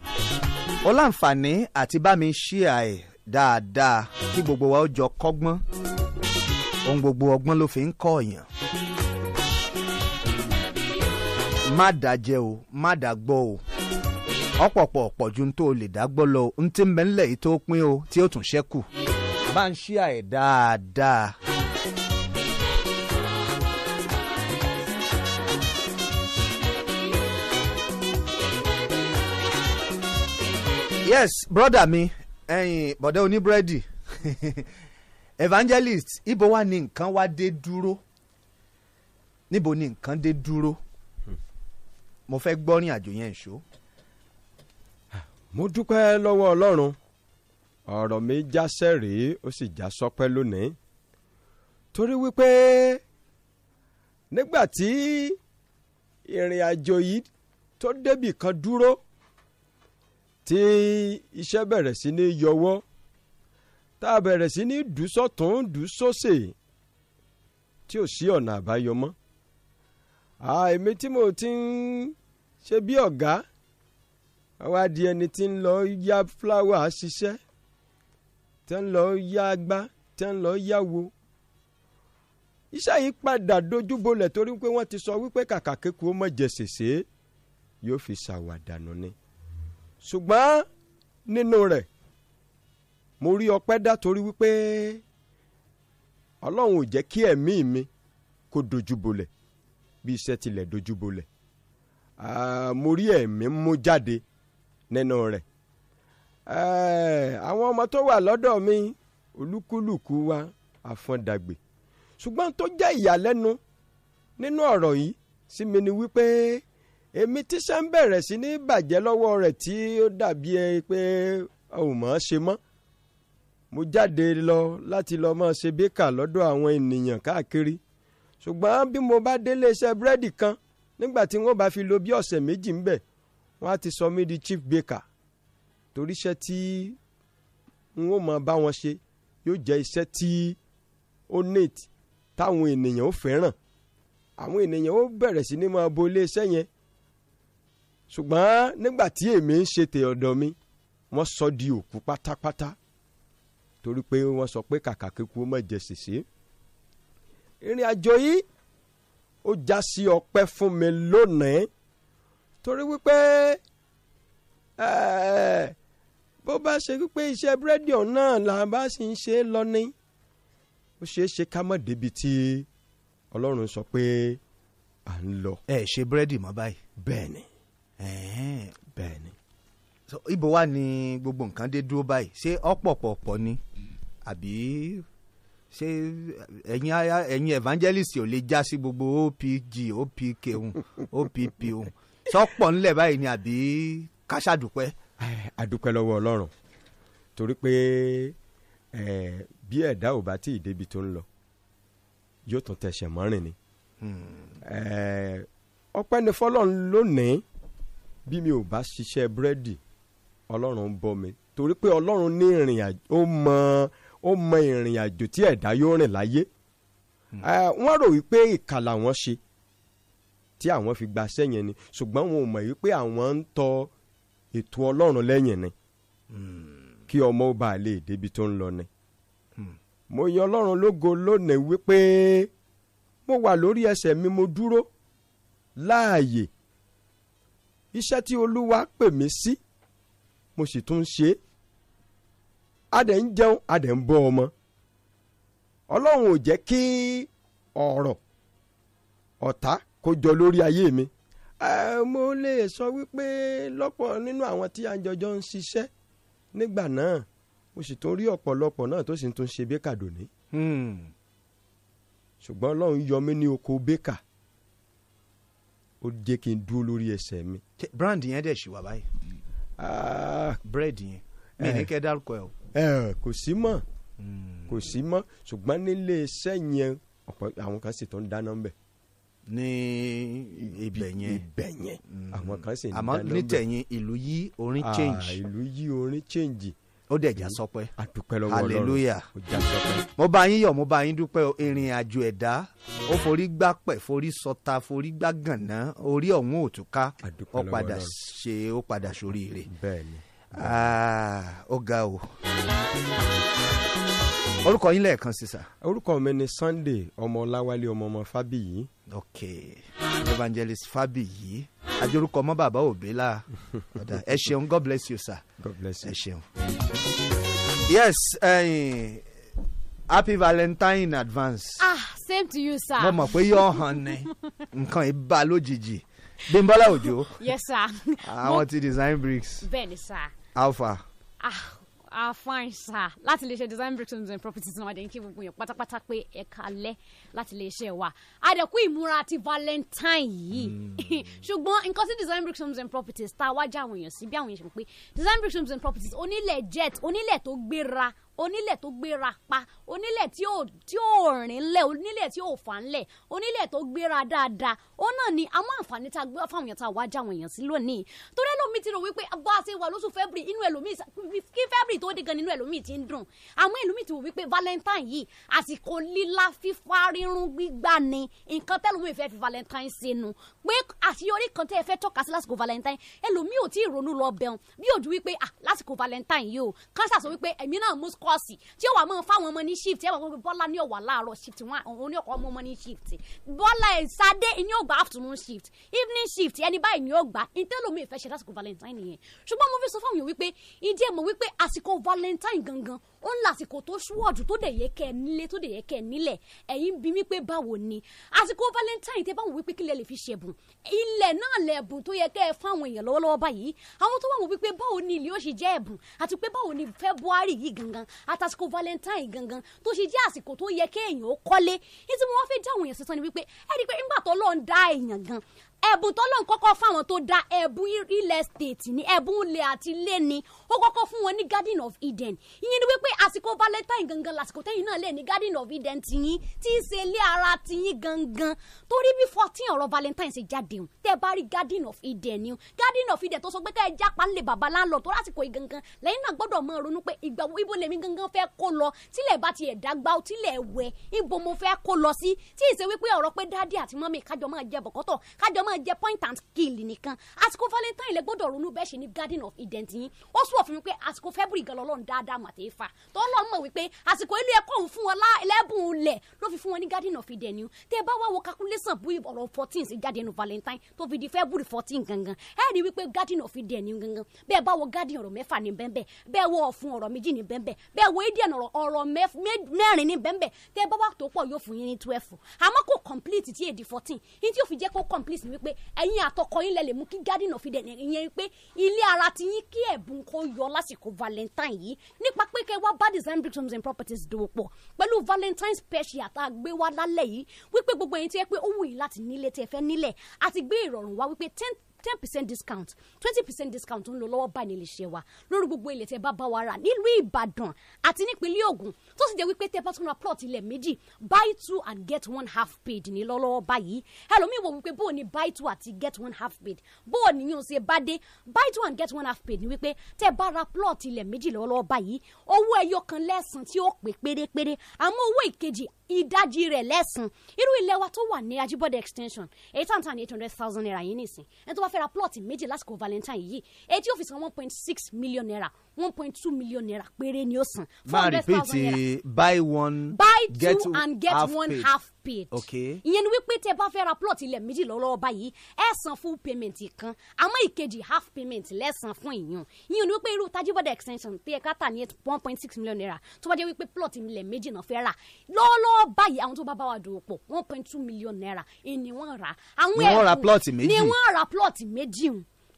ó láǹfààní àti bá mi ṣí àì dáadáa kí gbogbo wa ó jọ kọ́gbọ́n ohun gbogbo ọgbọ́n ló fi ń kọ́ ọ̀yàn má dàjẹ́ o má dàgbọ́ o ọ̀pọ̀pọ̀ ọ̀pọ̀ ju tó o lè dágbọ́ lọ ohun tí ń bẹ yìí tó pín o tí ó tún ṣẹ́kù bá ń ṣí àì dáadáa. yes brother mi ẹyin bọ̀dẹ́ oníbúrẹ́dì <laughs> evangelist ibo wa ni nǹkan wa dé dúró níbo ni nǹkan dé dúró mo fẹ́ gbọ́rin àjò yẹn ṣó. mo dúpẹ́ lọ́wọ́ ọlọ́run ọ̀rọ̀ mi já sẹ́rìí ó sì já sọpẹ́ lónìí torí wípé nígbà tí ìrìn àjò yìí tó débì kan dúró tí iṣẹ́ bẹ̀rẹ̀ sí ní yọwọ́ tá a bẹ̀rẹ̀ sí ní dùsọ̀tún dùsọ̀sẹ̀ tí ò sí ọ̀nà àbáyọ mọ́ èmi tí mo ti ń ṣe bí ọ̀gá àwa di ẹni tí ń lọ yá fúláwà ṣiṣẹ́ tẹ́ ń lọ yá agbá tẹ́ ń lọ yáwo iṣẹ́ yìí padà dojúbolẹ̀ torí pé wọ́n ti sọ wípé kàkà kéku ó mọ̀ jẹ́ sèse yóò fi ṣàwàdànù ni ṣùgbọ́n nínú rẹ̀ mo rí ọpẹ́ dá torí wípé ọlọ́run ò jẹ́ kí ẹ̀mí mi kó dojúbolẹ̀ bí iṣẹ́ tilẹ̀ dojúbolẹ̀ mo rí ẹ̀mí mú jáde nínú rẹ̀ àwọn ọmọ tó wà lọ́dọ̀ mi olúkúlùkù wa àfọ̀ndàgbè ṣùgbọ́n tó jẹ́ ìyàlẹ́nu nínú ọ̀rọ̀ yìí sí mi ni wípé. Si èmi tíṣẹ́ ń bẹ̀rẹ̀ sí ní bàjẹ́ lọ́wọ́ rẹ̀ tí ó dàbí ẹ pé ò mọ̀ ṣe mọ́ mo jáde lọ láti lọ mọ́ ṣe bíkà lọ́dọ̀ àwọn ènìyàn káàkiri ṣùgbọ́n bí mo bá délé iṣẹ́ búrẹ́dì kan nígbà tí wọ́n bá fi lò bí ọ̀sẹ̀ méjì ń bẹ̀ wọ́n á ti sọ mí di chief baker torí iṣẹ́ tí n ó mọ bá wọn ṣe yóò jẹ́ iṣẹ́ tí ó neat táwọn ènìyàn ó fẹ́ràn àwọn ènìyàn ó bẹ̀rẹ̀ sí ní máa bo iléeṣẹ́ yẹn ṣùgbọ́n nígbà tí èmi ń ṣe tè mi wọ́n sọ di òkú pátápátá torí pé wọ́n sọ pé kàkà kíkú ó mọ̀ jẹ ṣèṣe. ìrìn àjò yìí ó já sí ọpẹ́ fún mi lónìí torí wípé bó bá ṣe wípé iṣẹ́ búrẹ́dì náà là bá sì ń ṣe é lọ ní ó ṣeé ṣe ká mọ̀ débi tí ọlọ́run sọ pé à ń lọ. ẹ ṣe búrẹ́dì mọ́ báyìí. bẹ́ẹ̀ ni bẹ́ẹ̀ni. ibo wà ní gbogbo nǹkan dé dúró báyìí ṣé ọ̀pọ̀pọ̀pọ̀ ni àbí ṣé ẹ̀yin ẹ̀yin evangelist ò lè já sí gbogbo opg opk òun opp òun sọ́pọ̀ ńlẹ̀ báyìí ni àbí káṣàdùpẹ́. àdùpẹ́ lọ́wọ́ ọlọ́run torí pé bí ẹ̀dá ò bá tí ì débi tó ń lọ yóò tún tẹ̀sẹ̀ mọ́rin ni hmm. ọpẹ́ ni fọlọ́run lónìí bí mi ò bá ṣiṣẹ́ búrẹ́dì ọlọ́run ń bọ́ mi torí pé ọlọ́run ní ìrìn àjò ó mọ ó mọ ìrìn àjò tí ẹ̀dá yóò rìn láyé hmm. wọ́n rò wípé ìkà làwọn ṣe tí àwọn fi gba sẹ́yìn ni ṣùgbọ́n wọn ò mọ̀ wípé àwọn ń tọ ètò ọlọ́run lẹ́yìn ni hmm. kí ọmọ ó bá lè débi tó ń lọ ni. Hmm. mo yan ọlọ́run lógo lónìí wípé mo wà lórí ẹsẹ̀ mi mo dúró láàyè iṣẹ́ tí olúwa pè mí sí mo sì tún ṣe é adẹ̀ ń jẹun adẹ̀ ń bọ́ ọmọ ọlọ́run ò jẹ́ kí ọ̀rọ̀ ọ̀tá kó jọ lórí ayé mi. mo lè sọ wípé lọ́pọ̀ nínú àwọn tí a jọjọ ń ṣiṣẹ́ nígbà náà mo sì tún rí ọ̀pọ̀lọpọ̀ náà tó sì tún ṣe bẹ́kà dòní. Hmm. ṣùgbọ́n ọlọ́run yọ mí ní oko bẹ́kà ó jẹ́ kí n dúró lórí ẹsẹ̀ mi. brand yẹn dẹ̀ ṣì wà báyìí ah. bread yẹn mi ní eh. kẹ́ dárúkọ ẹ̀ o. Eh, kò sí mọ́ hmm. kò sí mọ́ ṣùgbọ́n nílé iṣẹ́ yẹn ọ̀pọ̀ àwọn kan sì tó ń dáná ńbẹ̀. ní ibẹ̀ yẹn ibẹ̀ yẹn àwọn hmm. kan sì ń dáná ńbẹ̀. àmọ́ nítẹ̀yìn ìlú yí ah, orin change. ìlú yí orin change ó dẹ̀ já mm. sọpẹ́ hallelujah mo bá yín yọ̀ mo bá yín dúpẹ́ ìrìn àjò ẹ̀dá ó forí gbá pẹ̀ forí sọta forí gbá gànà orí ọ̀hún òtúká ó padà ṣe ó padà ṣoríire ah, ó ga o orúkọ yín lẹ́ẹ̀kan sísà. orúkọ mi ni Sunday ọmọ Ọláwálé ọmọ ọmọ Fábíyì. ok evangelist Fábíyì àjorúkọ mọ́ bàbá òbí ẹ ṣeun god bless you sir god bless you ẹ ṣeun. yes ẹyin eh, happy valentine in advance. ah same to you sir. mo mọ̀ pé yóò hàn ni nǹkan ìbá lójijì bímbọ́lá òjò. yes sir. àwọn ti design bricks. bẹ́ẹ̀ni sir. alpha. ah fine sir láti lè ṣe design bricks and properties náà àdéhùn kí gbogbo yẹn pátápátá pé ẹ̀ka alẹ́ láti lè ṣe wa àdẹ̀kú ìmúra ti valentine yìí hmm. <laughs> ṣùgbọ́n nǹkan sí design bricks and properties tá a wájà àwọn èèyàn sí bí àwọn èèyàn ṣe pé design bricks and properties onílẹ̀ jet onílẹ̀ tó gbéra onílẹ̀ tó gbéra pa onílẹ̀ tí ò tí ò rìn lẹ̀ onílẹ̀ tí ò fà ń lẹ̀ onílẹ̀ tó gbéra dáadáa ó náà ni àwọn àǹfààní tá a gbé fáwọn èèyàn tá a wá já àwọn èèyàn sí lónìí torí ẹlòmíì ti rò wípé bá a ṣe wà lóṣù february inú ẹlòmíì kí february tó dé gan nínú ẹlòmíì ti ń dùn àwọn ẹlòmíì ti rò wípé valentine yìí àsìkò lílá fífá rírun gbígbà ni nǹkan tẹ́lòmíì fẹ́ fi valentine sínú pé àṣeyọrí kan tẹ́ ẹ fẹ́ tọ́ka sí lásìkò valentine ẹlòmíì ò tí ì ronú lọ bẹun bí òjú wípé ah lásìkò valentine yìí o kásà sọ wípé èmi náà mú sc ṣọ́ọ̀ṣì tí ó wà mọ́ fáwọn ọmọ ní shift ẹ wà wọ́n bọ́lá ní ọ̀wà láàárọ̀ shift wọn ní ọkọ̀ ọmọ ọmọ ní shift bọ́lá ẹ̀ sáde ní ó gba afternoon shift evening shift ẹni báyìí ni ó gba ìtẹ́lómi ìfẹ́ ṣe lásìkò valentine yẹn ṣùgbọ́n mo fi sọ fáwọn èèyàn wípé ìdí ẹ̀ mọ̀ wípé àsìkò valentine gangan ó ń lásìkò tó ṣúwọ́dù tó dẹ̀ yẹ kẹ́ ẹ nílé tó dẹ̀ yẹ kẹ́ nílẹ̀ ẹ̀yin bí mi pé báwo ni àsìkò valentine tẹ́ báwọn wípé kílẹ̀ lè fi ṣẹ̀bùn ilẹ̀ náà lẹ̀bùn tó yẹ kẹ́ ẹ fáwọn èèyàn lọ́wọ́lọ́wọ́ báyìí àwọn tó wàwọn wípé báwo ni ilé ó ṣe jẹ́ ẹ̀bùn àti pé báwo ni february yìí gangan àtàsìkò valentine gangan tó ṣe jẹ́ àsìkò tó yẹ kẹ́ èèyàn ó kọ́lé ni wípé ẹ̀bùn tọ́lọ́n kọ́kọ́ fáwọn tó da ẹ̀bùn real estate ní ẹ̀bùn ilé àti ilé ni ó kọ́kọ́ fún wọn ní garden of eden ìyẹn ni wípé àsìkò valentine gangan lásìkò tẹ́yìn náà lè ní garden of eden tiyín tí í ṣe ilé ara tiyín gangan torí bí fourteen ọ̀rọ̀ valentine ṣe jáde o tẹ́ bá rí garden of eden ni o garden of eden tó sọ pé ká ẹ jápa ńlẹ̀ bàbá láńlọ tó lásìkò yìí gangan lẹ́yìn náà gbọ́dọ̀ máa ronú pé ìgbà wo ibo lèmi gangan fẹ́ kó lọ tílẹ̀ bá tiẹ̀ dágbá o tílẹ̀ wẹ̀ ibo mo fẹ́ kó lọ sí tí ì ṣe wípé ọ̀rọ̀ pé dáàdì àti mọ́mì kájọ máa jẹ bọ̀kọ́tọ̀ kájọ máa máa jẹ point and kill nìkan àsìkò valentine lẹ gbọ́dọ̀ ronú bẹ́ẹ̀ ṣe ní garden of eden yín ó sùn ọ̀fun wípé àsìkò february gan lọ́lọ́run dáadáa mà tẹ́ fà tó lọ́ọ́ mọ̀ wípé àsìkò ilé ẹ̀kọ́ òun fún wọn lẹ́bùn lẹ̀ ló fi fún wọn ní garden of eden yín tẹ́ bá wá wo calculation bí ọ̀rọ̀ fourteen sí garden of valentine tó fi di february fourteen gangan ẹ rí wípé garden of eden yín gangan bẹ́ẹ̀ bá wo garden ọ̀rọ̀ mẹ́fà ní bẹ́ẹ̀ bẹ́ẹ̀ wo ọ̀fun ọ̀rọ̀ méjì ní bẹ́ẹ̀ bẹ́ẹ̀ wo eden ọ̀rọ̀ mẹ́rin ní bẹ́ẹ̀ tẹ́ bá wà tó pọ̀ yóò fún yín ní twelve àmọ́ kò complete tí èdè fourteen ní tí yóò fi jẹ́ kó complete ní pé ẹ̀yin àtọkọ yín lẹ mú kí garden of Eden ìyẹn pé ilé ara ti yín kí ẹ̀bùn kó yọ lásìkò Valentine yìí nípa pé kẹ́ wá bá design bricks homes and properties dòwò pọ̀ pẹ̀lú Valentine special tá a gbé wá lálẹ́ yìí wípé gbogbo ẹ̀yin tí ẹ pé ó wù yín láti nílé tí ẹ fẹ́ àti gbé ìrọ̀rùn wá wípé ten ten percent discount twenty percent discount ń lọ lọ́wọ́ báyìí nílé iṣẹ́ wa lórí gbogbo ilẹ̀ tẹ́ bá bá wa rà nílùú ìbàdàn àti nípínlẹ̀ ògùn tó sì jẹ́ wípé tẹ́ bá tún ra plot ilẹ̀ méjì buy two and get one half paid ní lọ́wọ́ báyìí ẹlòmíì wò wípé bó o buy two àti get one half paid bó ni ní yóò ṣe bá dé buy two and get one half paid ni wípé tẹ́ bá ra plot ilẹ̀ méjì lọ́wọ́ báyìí owó ẹyọ kan lẹ́sàn tí ó pè pérépéré àmọ́ owó ìkejì ìdajì rẹ̀ lẹ́sàn irú ilẹ̀ wa tó wà ní Ajíbọ́dé extension eight hundred and eight hundred thousand naira yìí nìsín ẹni tó bá fẹ́ ra plot méjì lásìkò valentine yìí èyí tí fi san one point six million naira one point two million naira péré ni ó san. máa repeat buy one buy two and get one half paid. okay. ìyẹn ni wípé tẹ bá fẹ́ ra plot ilẹ̀ méjì lọ́wọ́lọ́wọ́ báyìí ẹ san full payment kan àmọ́ ìkejì half payment lẹ́sàn fún ìyẹn ìyẹn ni wípé irú tajibọ́dà extension tẹ ká tà ní one point six million naira tó bá jẹ́ wípé plot ilẹ̀ méjì náà fẹ́ rà lọ́wọ́lọ́wọ́ báyìí àwọn tó bá bá wa dòwò pọ̀ one point two million naira ni rà. ni wọ́n ra plot méjì. ni wọ́n ra plot méjì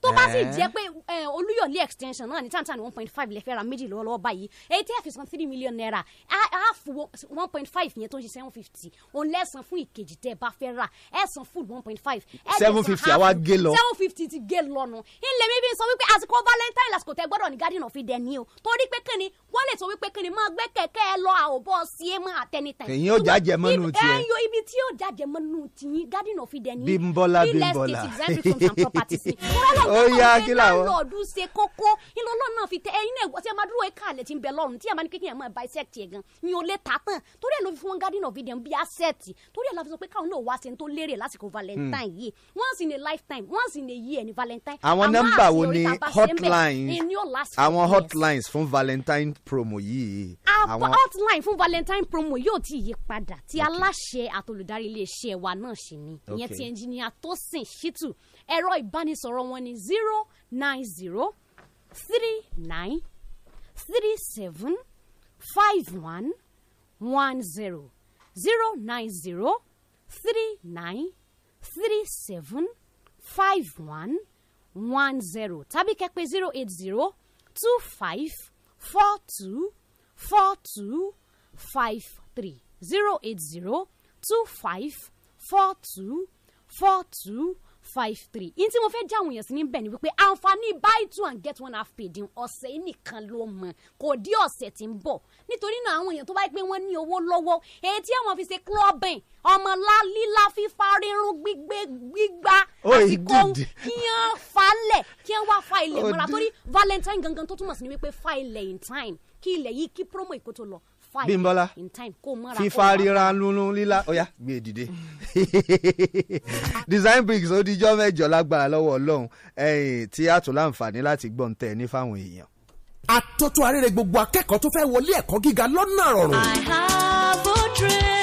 tó bá sì jẹ́ pé olúyọ̀lé extension náà ní tàǹtàǹ one point five lẹ́fẹ̀ẹ́ ra méjì lọ́wọ́lọ́wọ́ báyìí èyí tí a fi san three million naira a fò one point five yẹn tó ń ṣe seven fifty òun lẹ́sàn fún ìkejì tẹ́ ẹ bá fẹ́ rà ẹ san food one point five. seven fifty àwa gé lọ seven fifty ti gé lọ nù ilé mi bí sọ wípé àsìkò valentine lásìkò tẹ gbọ́dọ̀ ní garden of Eden ni o torí pé kíni wọ́n lè sọ wípé kíni máa gbé kẹ̀kẹ́ ẹ lọ àwòbọ̀ sí ẹ máa tẹnitẹ̀. èyí yóò jájẹ mọ́nú tiẹ̀. ẹyọ ibi tí yóò jájẹ mọ́nú tiyín garden of Eden ni. Bímbọ́lá Bímbọ́lá real estate exemption and properties ni ó yá kí làwọn. lọ́ọ̀dù ṣe kókó ilé ọlọ́run náà fi tẹ ẹyin náà ṣe máa dúró ẹ̀ka àlẹ́ tí ń bẹ lọ́run tí àmàlẹ́ kékeré máa bisect yẹn gan ni ó lè ta tán torí ẹ̀ ló fi fún garden of Eden bí asset torí ẹ̀ la fi sọ pé káwọn náà wá ṣe ń tó lérè lásìkò Valentine hmm. yìí once in a lifetime once in a year ni Valentine. àwọn nọ́mbà wo ni hotline àwọn hotlines fún Valentine promo yìí. àwọn hotline fún Valentine promo yóò ti yí padà tí aláṣẹ àtolùdarí iléeṣẹ́ wa náà ṣì ni ìyẹn ti ẹnjìníà Tosin Shitu ẹ̀rọ ìbánisọ̀rọ̀ wọn ni zero nine zero three nine three seven five one one zero zero nine zero three nine three seven five one one zero tàbí kẹ́pẹ́ zero eight zero two five four two four two five three zero eight zero two five four two four two five three yín tí mo fẹ́ já àwọn èèyàn sí níbẹ̀ ni wípé àǹfààní buy two and get one half paid in ọ̀sẹ̀ yìí nìkan ló mọ̀ kò dí ọ̀sẹ̀ tí ń bọ̀ nítorí náà àwọn èèyàn tó bá pé wọ́n ní owó lọ́wọ́ èyí tí àwọn fi ṣe clubbing ọmọ lílá fífa rírun gbígbé gbígbá àti kó kí wọ́n falẹ̀ kí wọ́n wá fa ilẹ̀ mọ́ra torí valentine gangan tó túmọ̀ sí ni wípé fa ilẹ̀ in time kí ilẹ̀ yìí kí promo ìkótó lọ bímbọ́lá fífa ríra lúlú lílá ọ̀yá gbé e dìde <laughs> design bricks ó dijọ́ mẹ́jọ lágbára lọ́wọ́ ọlọ́run ẹ̀yìn tí láti gbọ́n tẹ̀ ní fáwọn èèyàn. àtótó arére gbogbo akẹ́kọ̀ọ́ tó fẹ́ wọlé ẹ̀kọ́ gíga lọ́nà rọrùn. I have a dream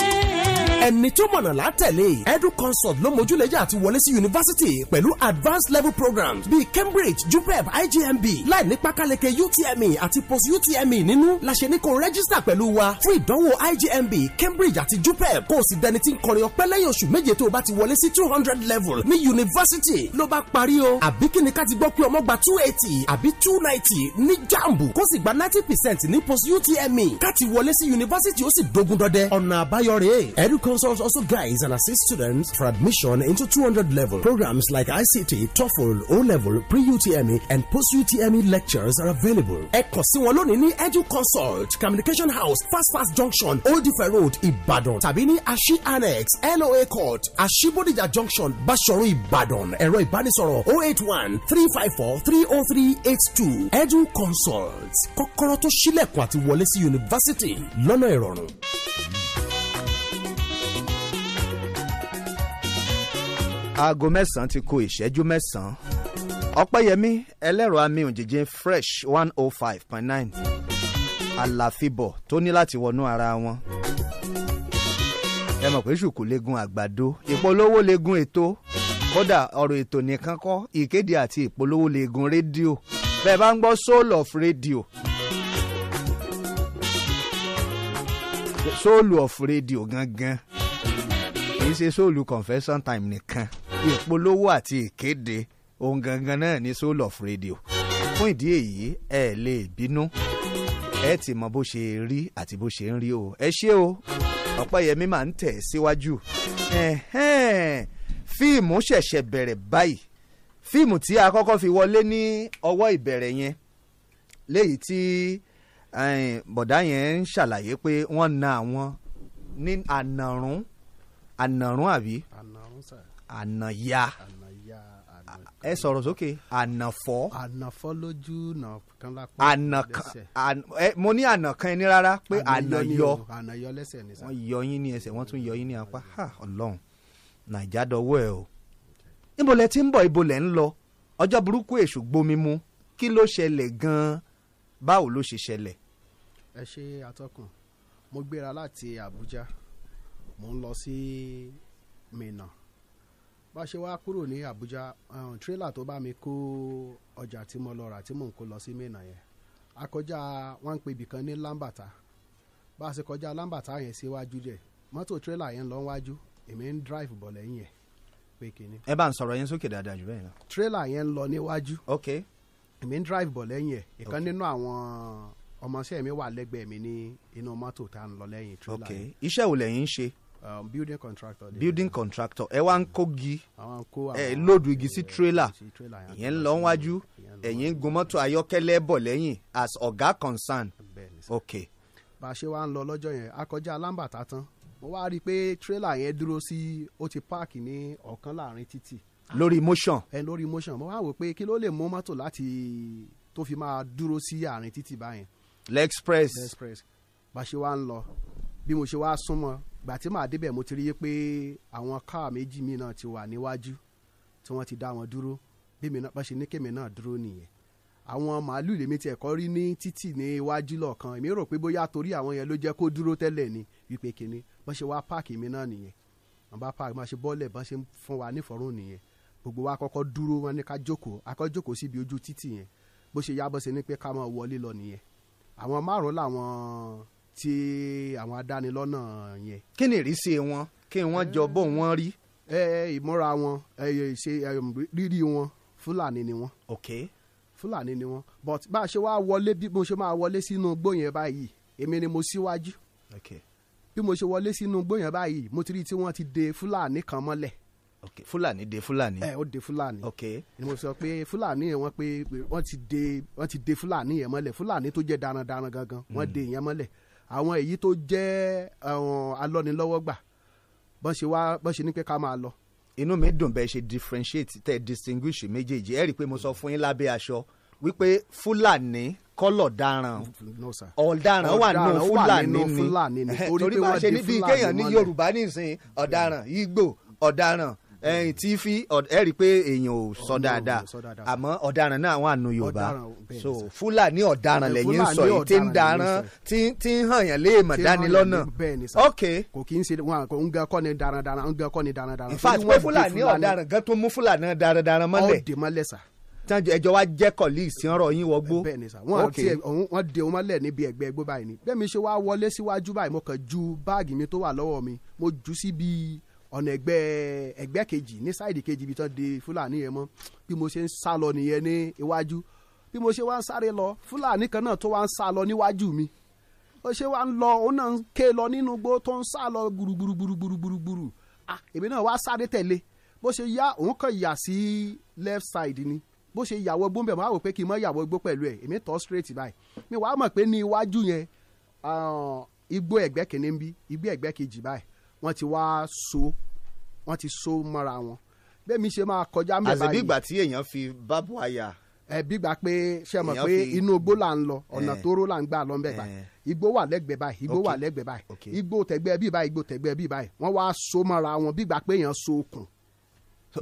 ẹni tó mọ̀nà látẹ̀lé educonsult ló mójúlẹ̀jà àti wọlé sí yunifásitì pẹ̀lú advanced level programs bíi Cambridge JUPEB IJMB láì ní pákáleke UTME àti post UTME nínú la ṣe ní kó rẹ́gísítà pẹ̀lú wa fún ìdánwò IJMB Cambridge àti JUPEB kó o sì dẹni tí ń kọrin ọpẹ́ lẹ́yìn oṣù méje tó o bá ti wọlé sí two hundred level ní yunifásitì ló bá parí o àbí kí ni ká ti gbọ́ pé ọmọ gba two eighty àbí two ninety ní jambu kó sì gba ninety percent ní post UTME ká ti wọlé sí yunifásitì ó sì dogun dọdẹ ọ̀nà àbáyọ rèé educonsult consult also guides and assists students for admission into 200 level. Programs like ICT, TOEFL, O level, pre UTME, and post UTME lectures are available. Ẹ kàn ni Edu Consult, Communication House, Fast Fast Junction, Old Ife Road, Ìbàdàn, tàbí ní Ashi Annex, LOA Court, Ashibodija Junction, Basoro, Ìbàdàn. Ẹ̀rọ ìbánisọ̀rọ̀ 081 354 30382. Edu Consult, Kokoroto tó ṣílẹ̀kùn àti wọlé sí yunifásítì lọ́nà aago mẹ́sàn-án ti kù ìṣẹ́jú mẹ́sàn-án ọ̀pẹ́yẹmí ẹlẹ́rọ amí òjijì fresh one oh five point nine àlàfíbọ̀ tó ní láti wọnú ara wọn ẹ mọ̀ pé ṣùkú legun àgbàdo ìpolówó legun ètò kódà ọ̀rọ̀ ètò nìkan kọ́ ìkéde àti ìpolówó legun rédíò bẹ́ẹ̀ bá ń gbọ́ soul of radio soul of radio gangan kì í ṣe soul confession time nìkan ìpolówó àti ìkéde ohun gangan náà ní soul of radio fún ìdí èyí ẹ lè bínú ẹ ti mọ bó ṣe rí àti bó ṣe ń rí o ẹ ṣé o ọ̀pẹ́yẹmí máa ń tẹ̀ síwájú fíìmù ṣẹ̀ṣẹ̀ bẹ̀rẹ̀ báyìí fíìmù tí a kọ́kọ́ fi wọlé ní ọwọ́ ìbẹ̀rẹ̀ yẹn léyìí tí bọ̀dá yẹn ń ṣàlàyé pé wọ́n na àwọn ní ànàrún ànàrún àbí ànàyà ẹ sọ̀rọ̀ sókè ànàfọ́. ànàfọ́ lójú náà kan lápá lẹ́sẹ̀. mo ní ànàkan ẹni rárá pé ànàyọ ànàyọ lẹ́sẹ̀ ni sá. wọ́n yọ yín ní ẹsẹ̀ wọ́n tún yọ yín ní apá ha ọlọ́run nàìjà dọwọ́ ẹ o. níbo lẹ ti ń bọ̀ ibo lẹ ń lọ ọjọ́ burúkú èṣù gbomi mu kí ló ṣẹlẹ̀ gan-an báwo ló ṣe ṣẹlẹ̀. ẹ ṣe atọ́kùn mo gbéra láti Àbújá mo ń lọ sí Minna. Si bá ṣe wá kúrò ní Àbújá um, tírélà tó bá mi kó ọjà tí mo lọ rà tí mò ń kó lọ sí Mẹ́nà yẹn a wọn ń pe ibìkan ní Lambata bá a ṣe kọjá Lambata yẹn síwájú jẹ mọ́tò tírélà yẹn lọ wájú èmi ń drive bọ̀ lẹ́yìn yẹn pé kínní. ẹ bá ń sọ̀rọ̀ yẹn sókè dáadáa jù bẹ́ẹ̀ lọ. tírélà yẹn lọ níwájú. èmi ń drive bọ̀ lẹ́yìn ẹ̀ ìkan nínú àwọn ọmọọṣẹ́ mi wà lẹ́gbẹ̀ẹ́ mi ní inú mọ́tò tá à ń lọ lẹ́yìn tírélà yẹn. iṣẹ́ wo lẹ́yìn ń ṣe um, building contractor. building contractor ẹ wá ń kógi ẹ lóòdù igi sí tírélà ìyẹn ń lọ wájú ẹ̀yin ń gun mọ́tò ayọ́kẹ́lẹ́ bọ̀ lẹ́yìn as ọ̀gá concern. ok. bá a ṣe wá ń lọ lọ́jọ́ yẹn a alámbàtà tán mo wá rí i pé tírélà yẹn dúró sí ó ti páàkì ní ọ̀kan láàrin títì. lórí motion. ẹ lórí motion mo wá wò pé kí ló lè mú mọ́tò láti tó fi máa dúró sí àárín títì báyẹn. lexpress. lexpress bá a ṣe wá ń lọ bí mo ṣe wá súnmọ́ gbà tí màá débẹ̀ mo ti rí i pé àwọn káà méjì mi náà ti wà níwájú tí wọ́n ti dá wọn dúró bí mi náà bá ṣe ní kèmí náà dúró nìyẹn àwọn màálù lèmi tiẹ̀ kọ́ rí ní títì ní iwájú èmi rò pé bóyá torí àwọn yẹn ló jẹ́ kó dúró tẹ́lẹ̀ ni wípé kínní bọ́n ṣe wá páàkì mi náà nìyẹn wọ́n bá páàkì máa ṣe bọ́ọ̀lẹ̀ bọ́n ṣe fún wa nífọ̀rún nìyẹn gbogbo wa kọ́kọ́ dúró wọn ní ká jókòó akọ́ jókòó síbi ojú títì yẹn bó ṣe yá bó ṣe ní pé ká máa wọlé lọ nìyẹn àwọn márùn làwọn ti àwọn adánilọ́nà yẹn. kí ni ìrísí wọn kí wọ́n jọ bó wọ́n rí. ẹ ẹ ìmúra wọn ẹ ṣe rírí wọn fúlàní ni wọn. ok fúlàní ni wọn but bá a ṣe wá wọlé bí mo ṣe máa wọlé sínú igbó yẹn báyìí èmi ni mo síwájú. ok bí mo ṣe wọlé sínú igbó yẹn báyìí mo ti rí tí wọ́n ti de fúlàní kan mọ́lẹ̀ ok fúlàní de fúlàní. ẹ ó de fúlàní. ok ni mo sọ pé fúlàní yẹn wọ́n pé wọ́n ti de wọ́n ti de fúlàní yẹn mọ́lẹ̀ fúlàní tó jẹ́ darandaran gangan wọ́n mm. de yẹn mọ́lẹ̀ àwọn èyí tó jẹ́ alọ́nilọ́wọ́gbà bọ́n ṣe wá bọ́n ṣe ní pé ká máa lọ. inú mi dùn bẹ́ẹ̀ ṣe differentiate tẹ́ distinguish méjèèjì ẹ rí i pé mo sọ fún yín lábẹ́ aṣọ wípé fúlàní kọlọ daran ọ̀daràn wà nù fúlàní ni eh, torí pé wọ́n ṣe níbi kéèyàn ní yorùbá nísìnyí ọ̀daràn ìgbò ọ̀daràn ẹyin tí fi ẹ rí i pé èèyàn ò sọ dáadáa ọ̀daràn náà wà nù yorùbá so fúlàní ọ̀daràn lẹ́yìn sọ yìí tí ń darán tí ń hàn yàn léèmọ̀ dání ok. kò kí n ṣe wọn kò kọ́ ni darandaran ń kọ́ ni darandaran. dara. pé fúlàní ọ̀daràn gan tó mú fúlàní darandaran mọ́lẹ̀. ọ̀ wa yín wọgbó. ni ọ̀nà ẹgbẹ́ ẹgbẹ́ kejì ní sáìdì kejì ibi tán de fúlàní yẹn mọ́ bí mo ṣe ń sá lọ nìyẹn ní iwájú bí mo ṣe wá ń sáré lọ fúlàní kan náà tó wá ń sá lọ níwájú mi ó ṣe wá ń lọ òun náà ń ké lọ nínú gbó tó ń sá lọ gbùrùgbùrùgbùrùgbùrù ah èmi náà wá sáré tẹ̀lé bó ṣe yá òun kàn yà sí left side ni bó ṣe yàwọ gbóǹbẹ̀ máa wò pé kí n má yàwọ gbó pẹ̀lú ẹ̀ èmi tọ́ straight báyìí mi wàá mọ̀ pé ní iwájú yẹn igbó ẹ̀gbẹ́ kìíní ń bí igbó ẹ̀gbẹ́ kejì báyìí wọ́n ti wá so wọ́n ti so mọ́ra wọn bẹ́ẹ̀ ṣe máa kọjá mẹ́ta yìí. àṣebí tí èèyàn fi bábú àyà. ẹ bí gbà pé ṣe mọ̀ pé inú igbó là ń lọ ọ̀nà eh. tóóró là ń gbà lọ bẹ́ẹ̀ báyìí eh. igbó wà lẹ́gbẹ̀ẹ́ báyìí igbó wà lẹ́gbẹ̀ẹ́ báyìí igbó tẹ̀gbẹ́ bí báyìí igbó tẹ̀gbẹ́ bí báyìí wọ́n wá so mọ́ra wọn bí gbà pé èèyàn so okùn.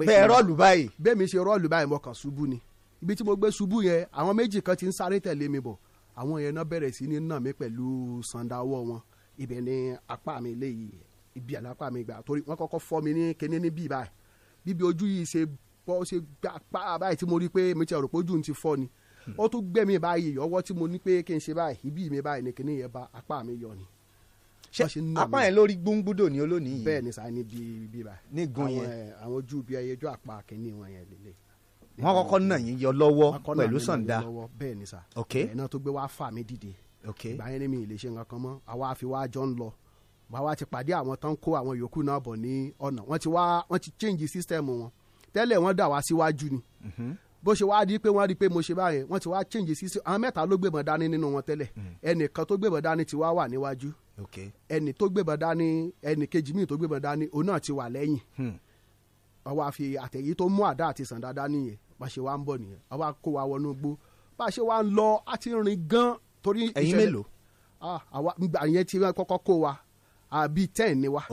bẹ́ẹ̀ rọ́ọ̀lù báyìí. bẹ́ẹ̀ mi ṣe rọ́ọ̀lù báyìí mo kàn ṣubú ni ibi tí mo gbé ṣubú yẹn àwọn méjì kan ti ń sáré tẹ̀lé mi bọ̀ àwọn yẹn náà bẹ̀rẹ̀ sí ní nà mí pẹ̀lú sandawọ́ wọn ibẹ̀ ni apá mi léyìí ibi àlápá mi gbà torí wọ́n kọ́kọ́ fọ́ mi ní kíní níbí báyìí bíbi ojú yìí ṣe bọ́ ṣe gbà pa báyìí tí mo rí pé mi ti rò pé ojú ń ti fọ́ ni ó tún gbẹ́ mi báyìí ọwọ́ tí mo ní pé kí n ṣe báyìí ibi mi báyìí ni kíní yẹn ba apá mi yọ ni. ṣe apá yẹn lórí gbóngbódò ní olónìí yìí. bẹ́ẹ̀ ni sáà ní bíi bíi bá. ní gun yẹn eh, àwọn ojú bíi ẹyẹjú àpá kíní wọn yẹn lélẹ̀ wọn kọ́kọ́ nà yín yọ ni sà ok ẹ náà tó gbé wá fà mí dìde ok ìgbà mi ì lè ṣe nǹkan kan mọ́ lọ wàá wá ti pàdé àwọn tán kó àwọn yòókù náà bọ̀ ní ọ̀nà wọ́n ti wá wọ́n ti change system wọn tẹ́lẹ̀ wọ́n dà wá síwájú ni mhm. bó ṣe wáá di pé wọ́n rí i pé mo ṣe báyẹn wọ́n ti wá change system àwọn mẹ́ta ló gbébọn dání nínú wọn tẹ́lẹ̀ mhm. ẹnìkan tó gbébọn dání ti wá wà níwájú ẹnì tó gbébọn dání ẹnì kejì míì tó gbébọn dání òun náà ti wà lẹ́yìn ọwọ́ hmm. àfi àtẹ̀yí tó mú àdá àti sàǹdà dání yẹn bá ṣe wá ń bọ̀ nìyẹn ọwọ́ kó wa wọnú gbó bá ṣe wá ń lọ á ti rìn gan torí ìṣẹ̀lẹ̀ ẹ̀yin mélòó ah, àwa ìgbà kọ́kọ́ kó wa àbí ten ni wa.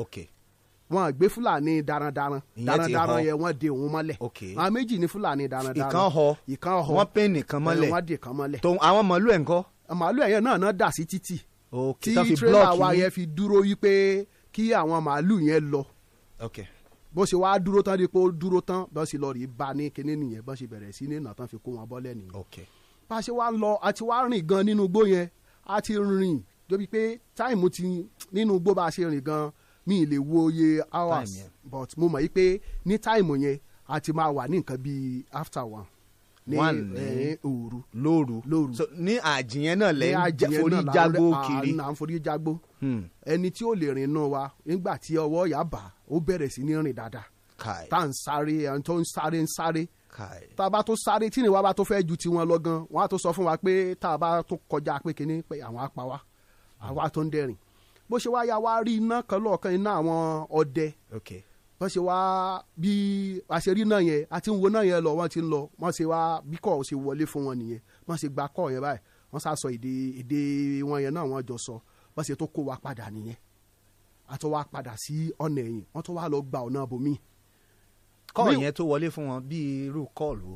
wọn gbé fúlàní darandaran darandaran yẹn wọn de òun mọ́lẹ̀ àwọn méjì ni fúlàní darandaran ìkan họ ìkan họ wọn pè eh, nìkan mọ́lẹ̀ wọn de kan mọ́lẹ̀. tó àwọn màálù ẹ̀ ń kọ́. màálù ẹ̀yẹn náà náà dà sí títì tí tírélà wa yẹn fi dúró yí pé kí àwọn màálù yẹn lọ bó ṣe wá dúró tán di pé ó dúró tán bó ṣe lọ rí ba ní kinní nìyẹn bó ṣe bẹ̀rẹ̀ sí ní ìnà tán fi kó wọn bọ́lẹ̀ nìyẹn. bá a ṣe wá lọ àti wá rìn gan nínú igbó yẹn a ti rìn débi pé táìmù ti nínú gbó bá a ṣe rìn gan mi lè wo iye hours but mo mọ̀ yí pé ní táìmù yẹn a ti máa wà ní nǹkan bíi after one ní ní òru lóru lóru so ní àjìyẹn náà lẹ ń forí jágbó kiri à ń forí jágbó ẹni tí ó lè rìn náà wa nígbà tí ọwọ́ yà bá ó bẹ̀rẹ̀ sí ní rìn dáadáa tá à ń sáré ẹni tó ń sáré ń sáré tá a bá tó sáré tí ni wàá bá tó fẹ́ ju tiwọn lọ gan wọ́n á tó sọ fún wa pé tá a bá tó kọjá pé kínní pé àwọn á pa wá àwa tó ń dẹ̀rìn bó ṣe wá ya wá rí iná kan lọ́ọ̀kan iná àwọn ọdẹ wọ́n ṣe wá bí àṣírí náà yẹn àti ń wo náà yẹn lọ wọ́n ti ń lọ wọ́n ṣe wá bí kọ́ọ̀ ṣe wọlé fún wọn nìyẹn wọ́n ṣe gba kọ́ọ̀ yẹn báyìí wọ́n sá sọ èdè èdè wọn yẹn náà wọ́n jọ sọ wọ́n ṣe tó kó wa padà nìyẹn àtọ́ wa padà sí ọ̀nà ẹ̀yìn wọ́n tó wá lọ gba ọ̀nà bòmíì. kọ́ọ̀ yẹn tó wọlé fún wọn bíi irú kọ́ọ̀lù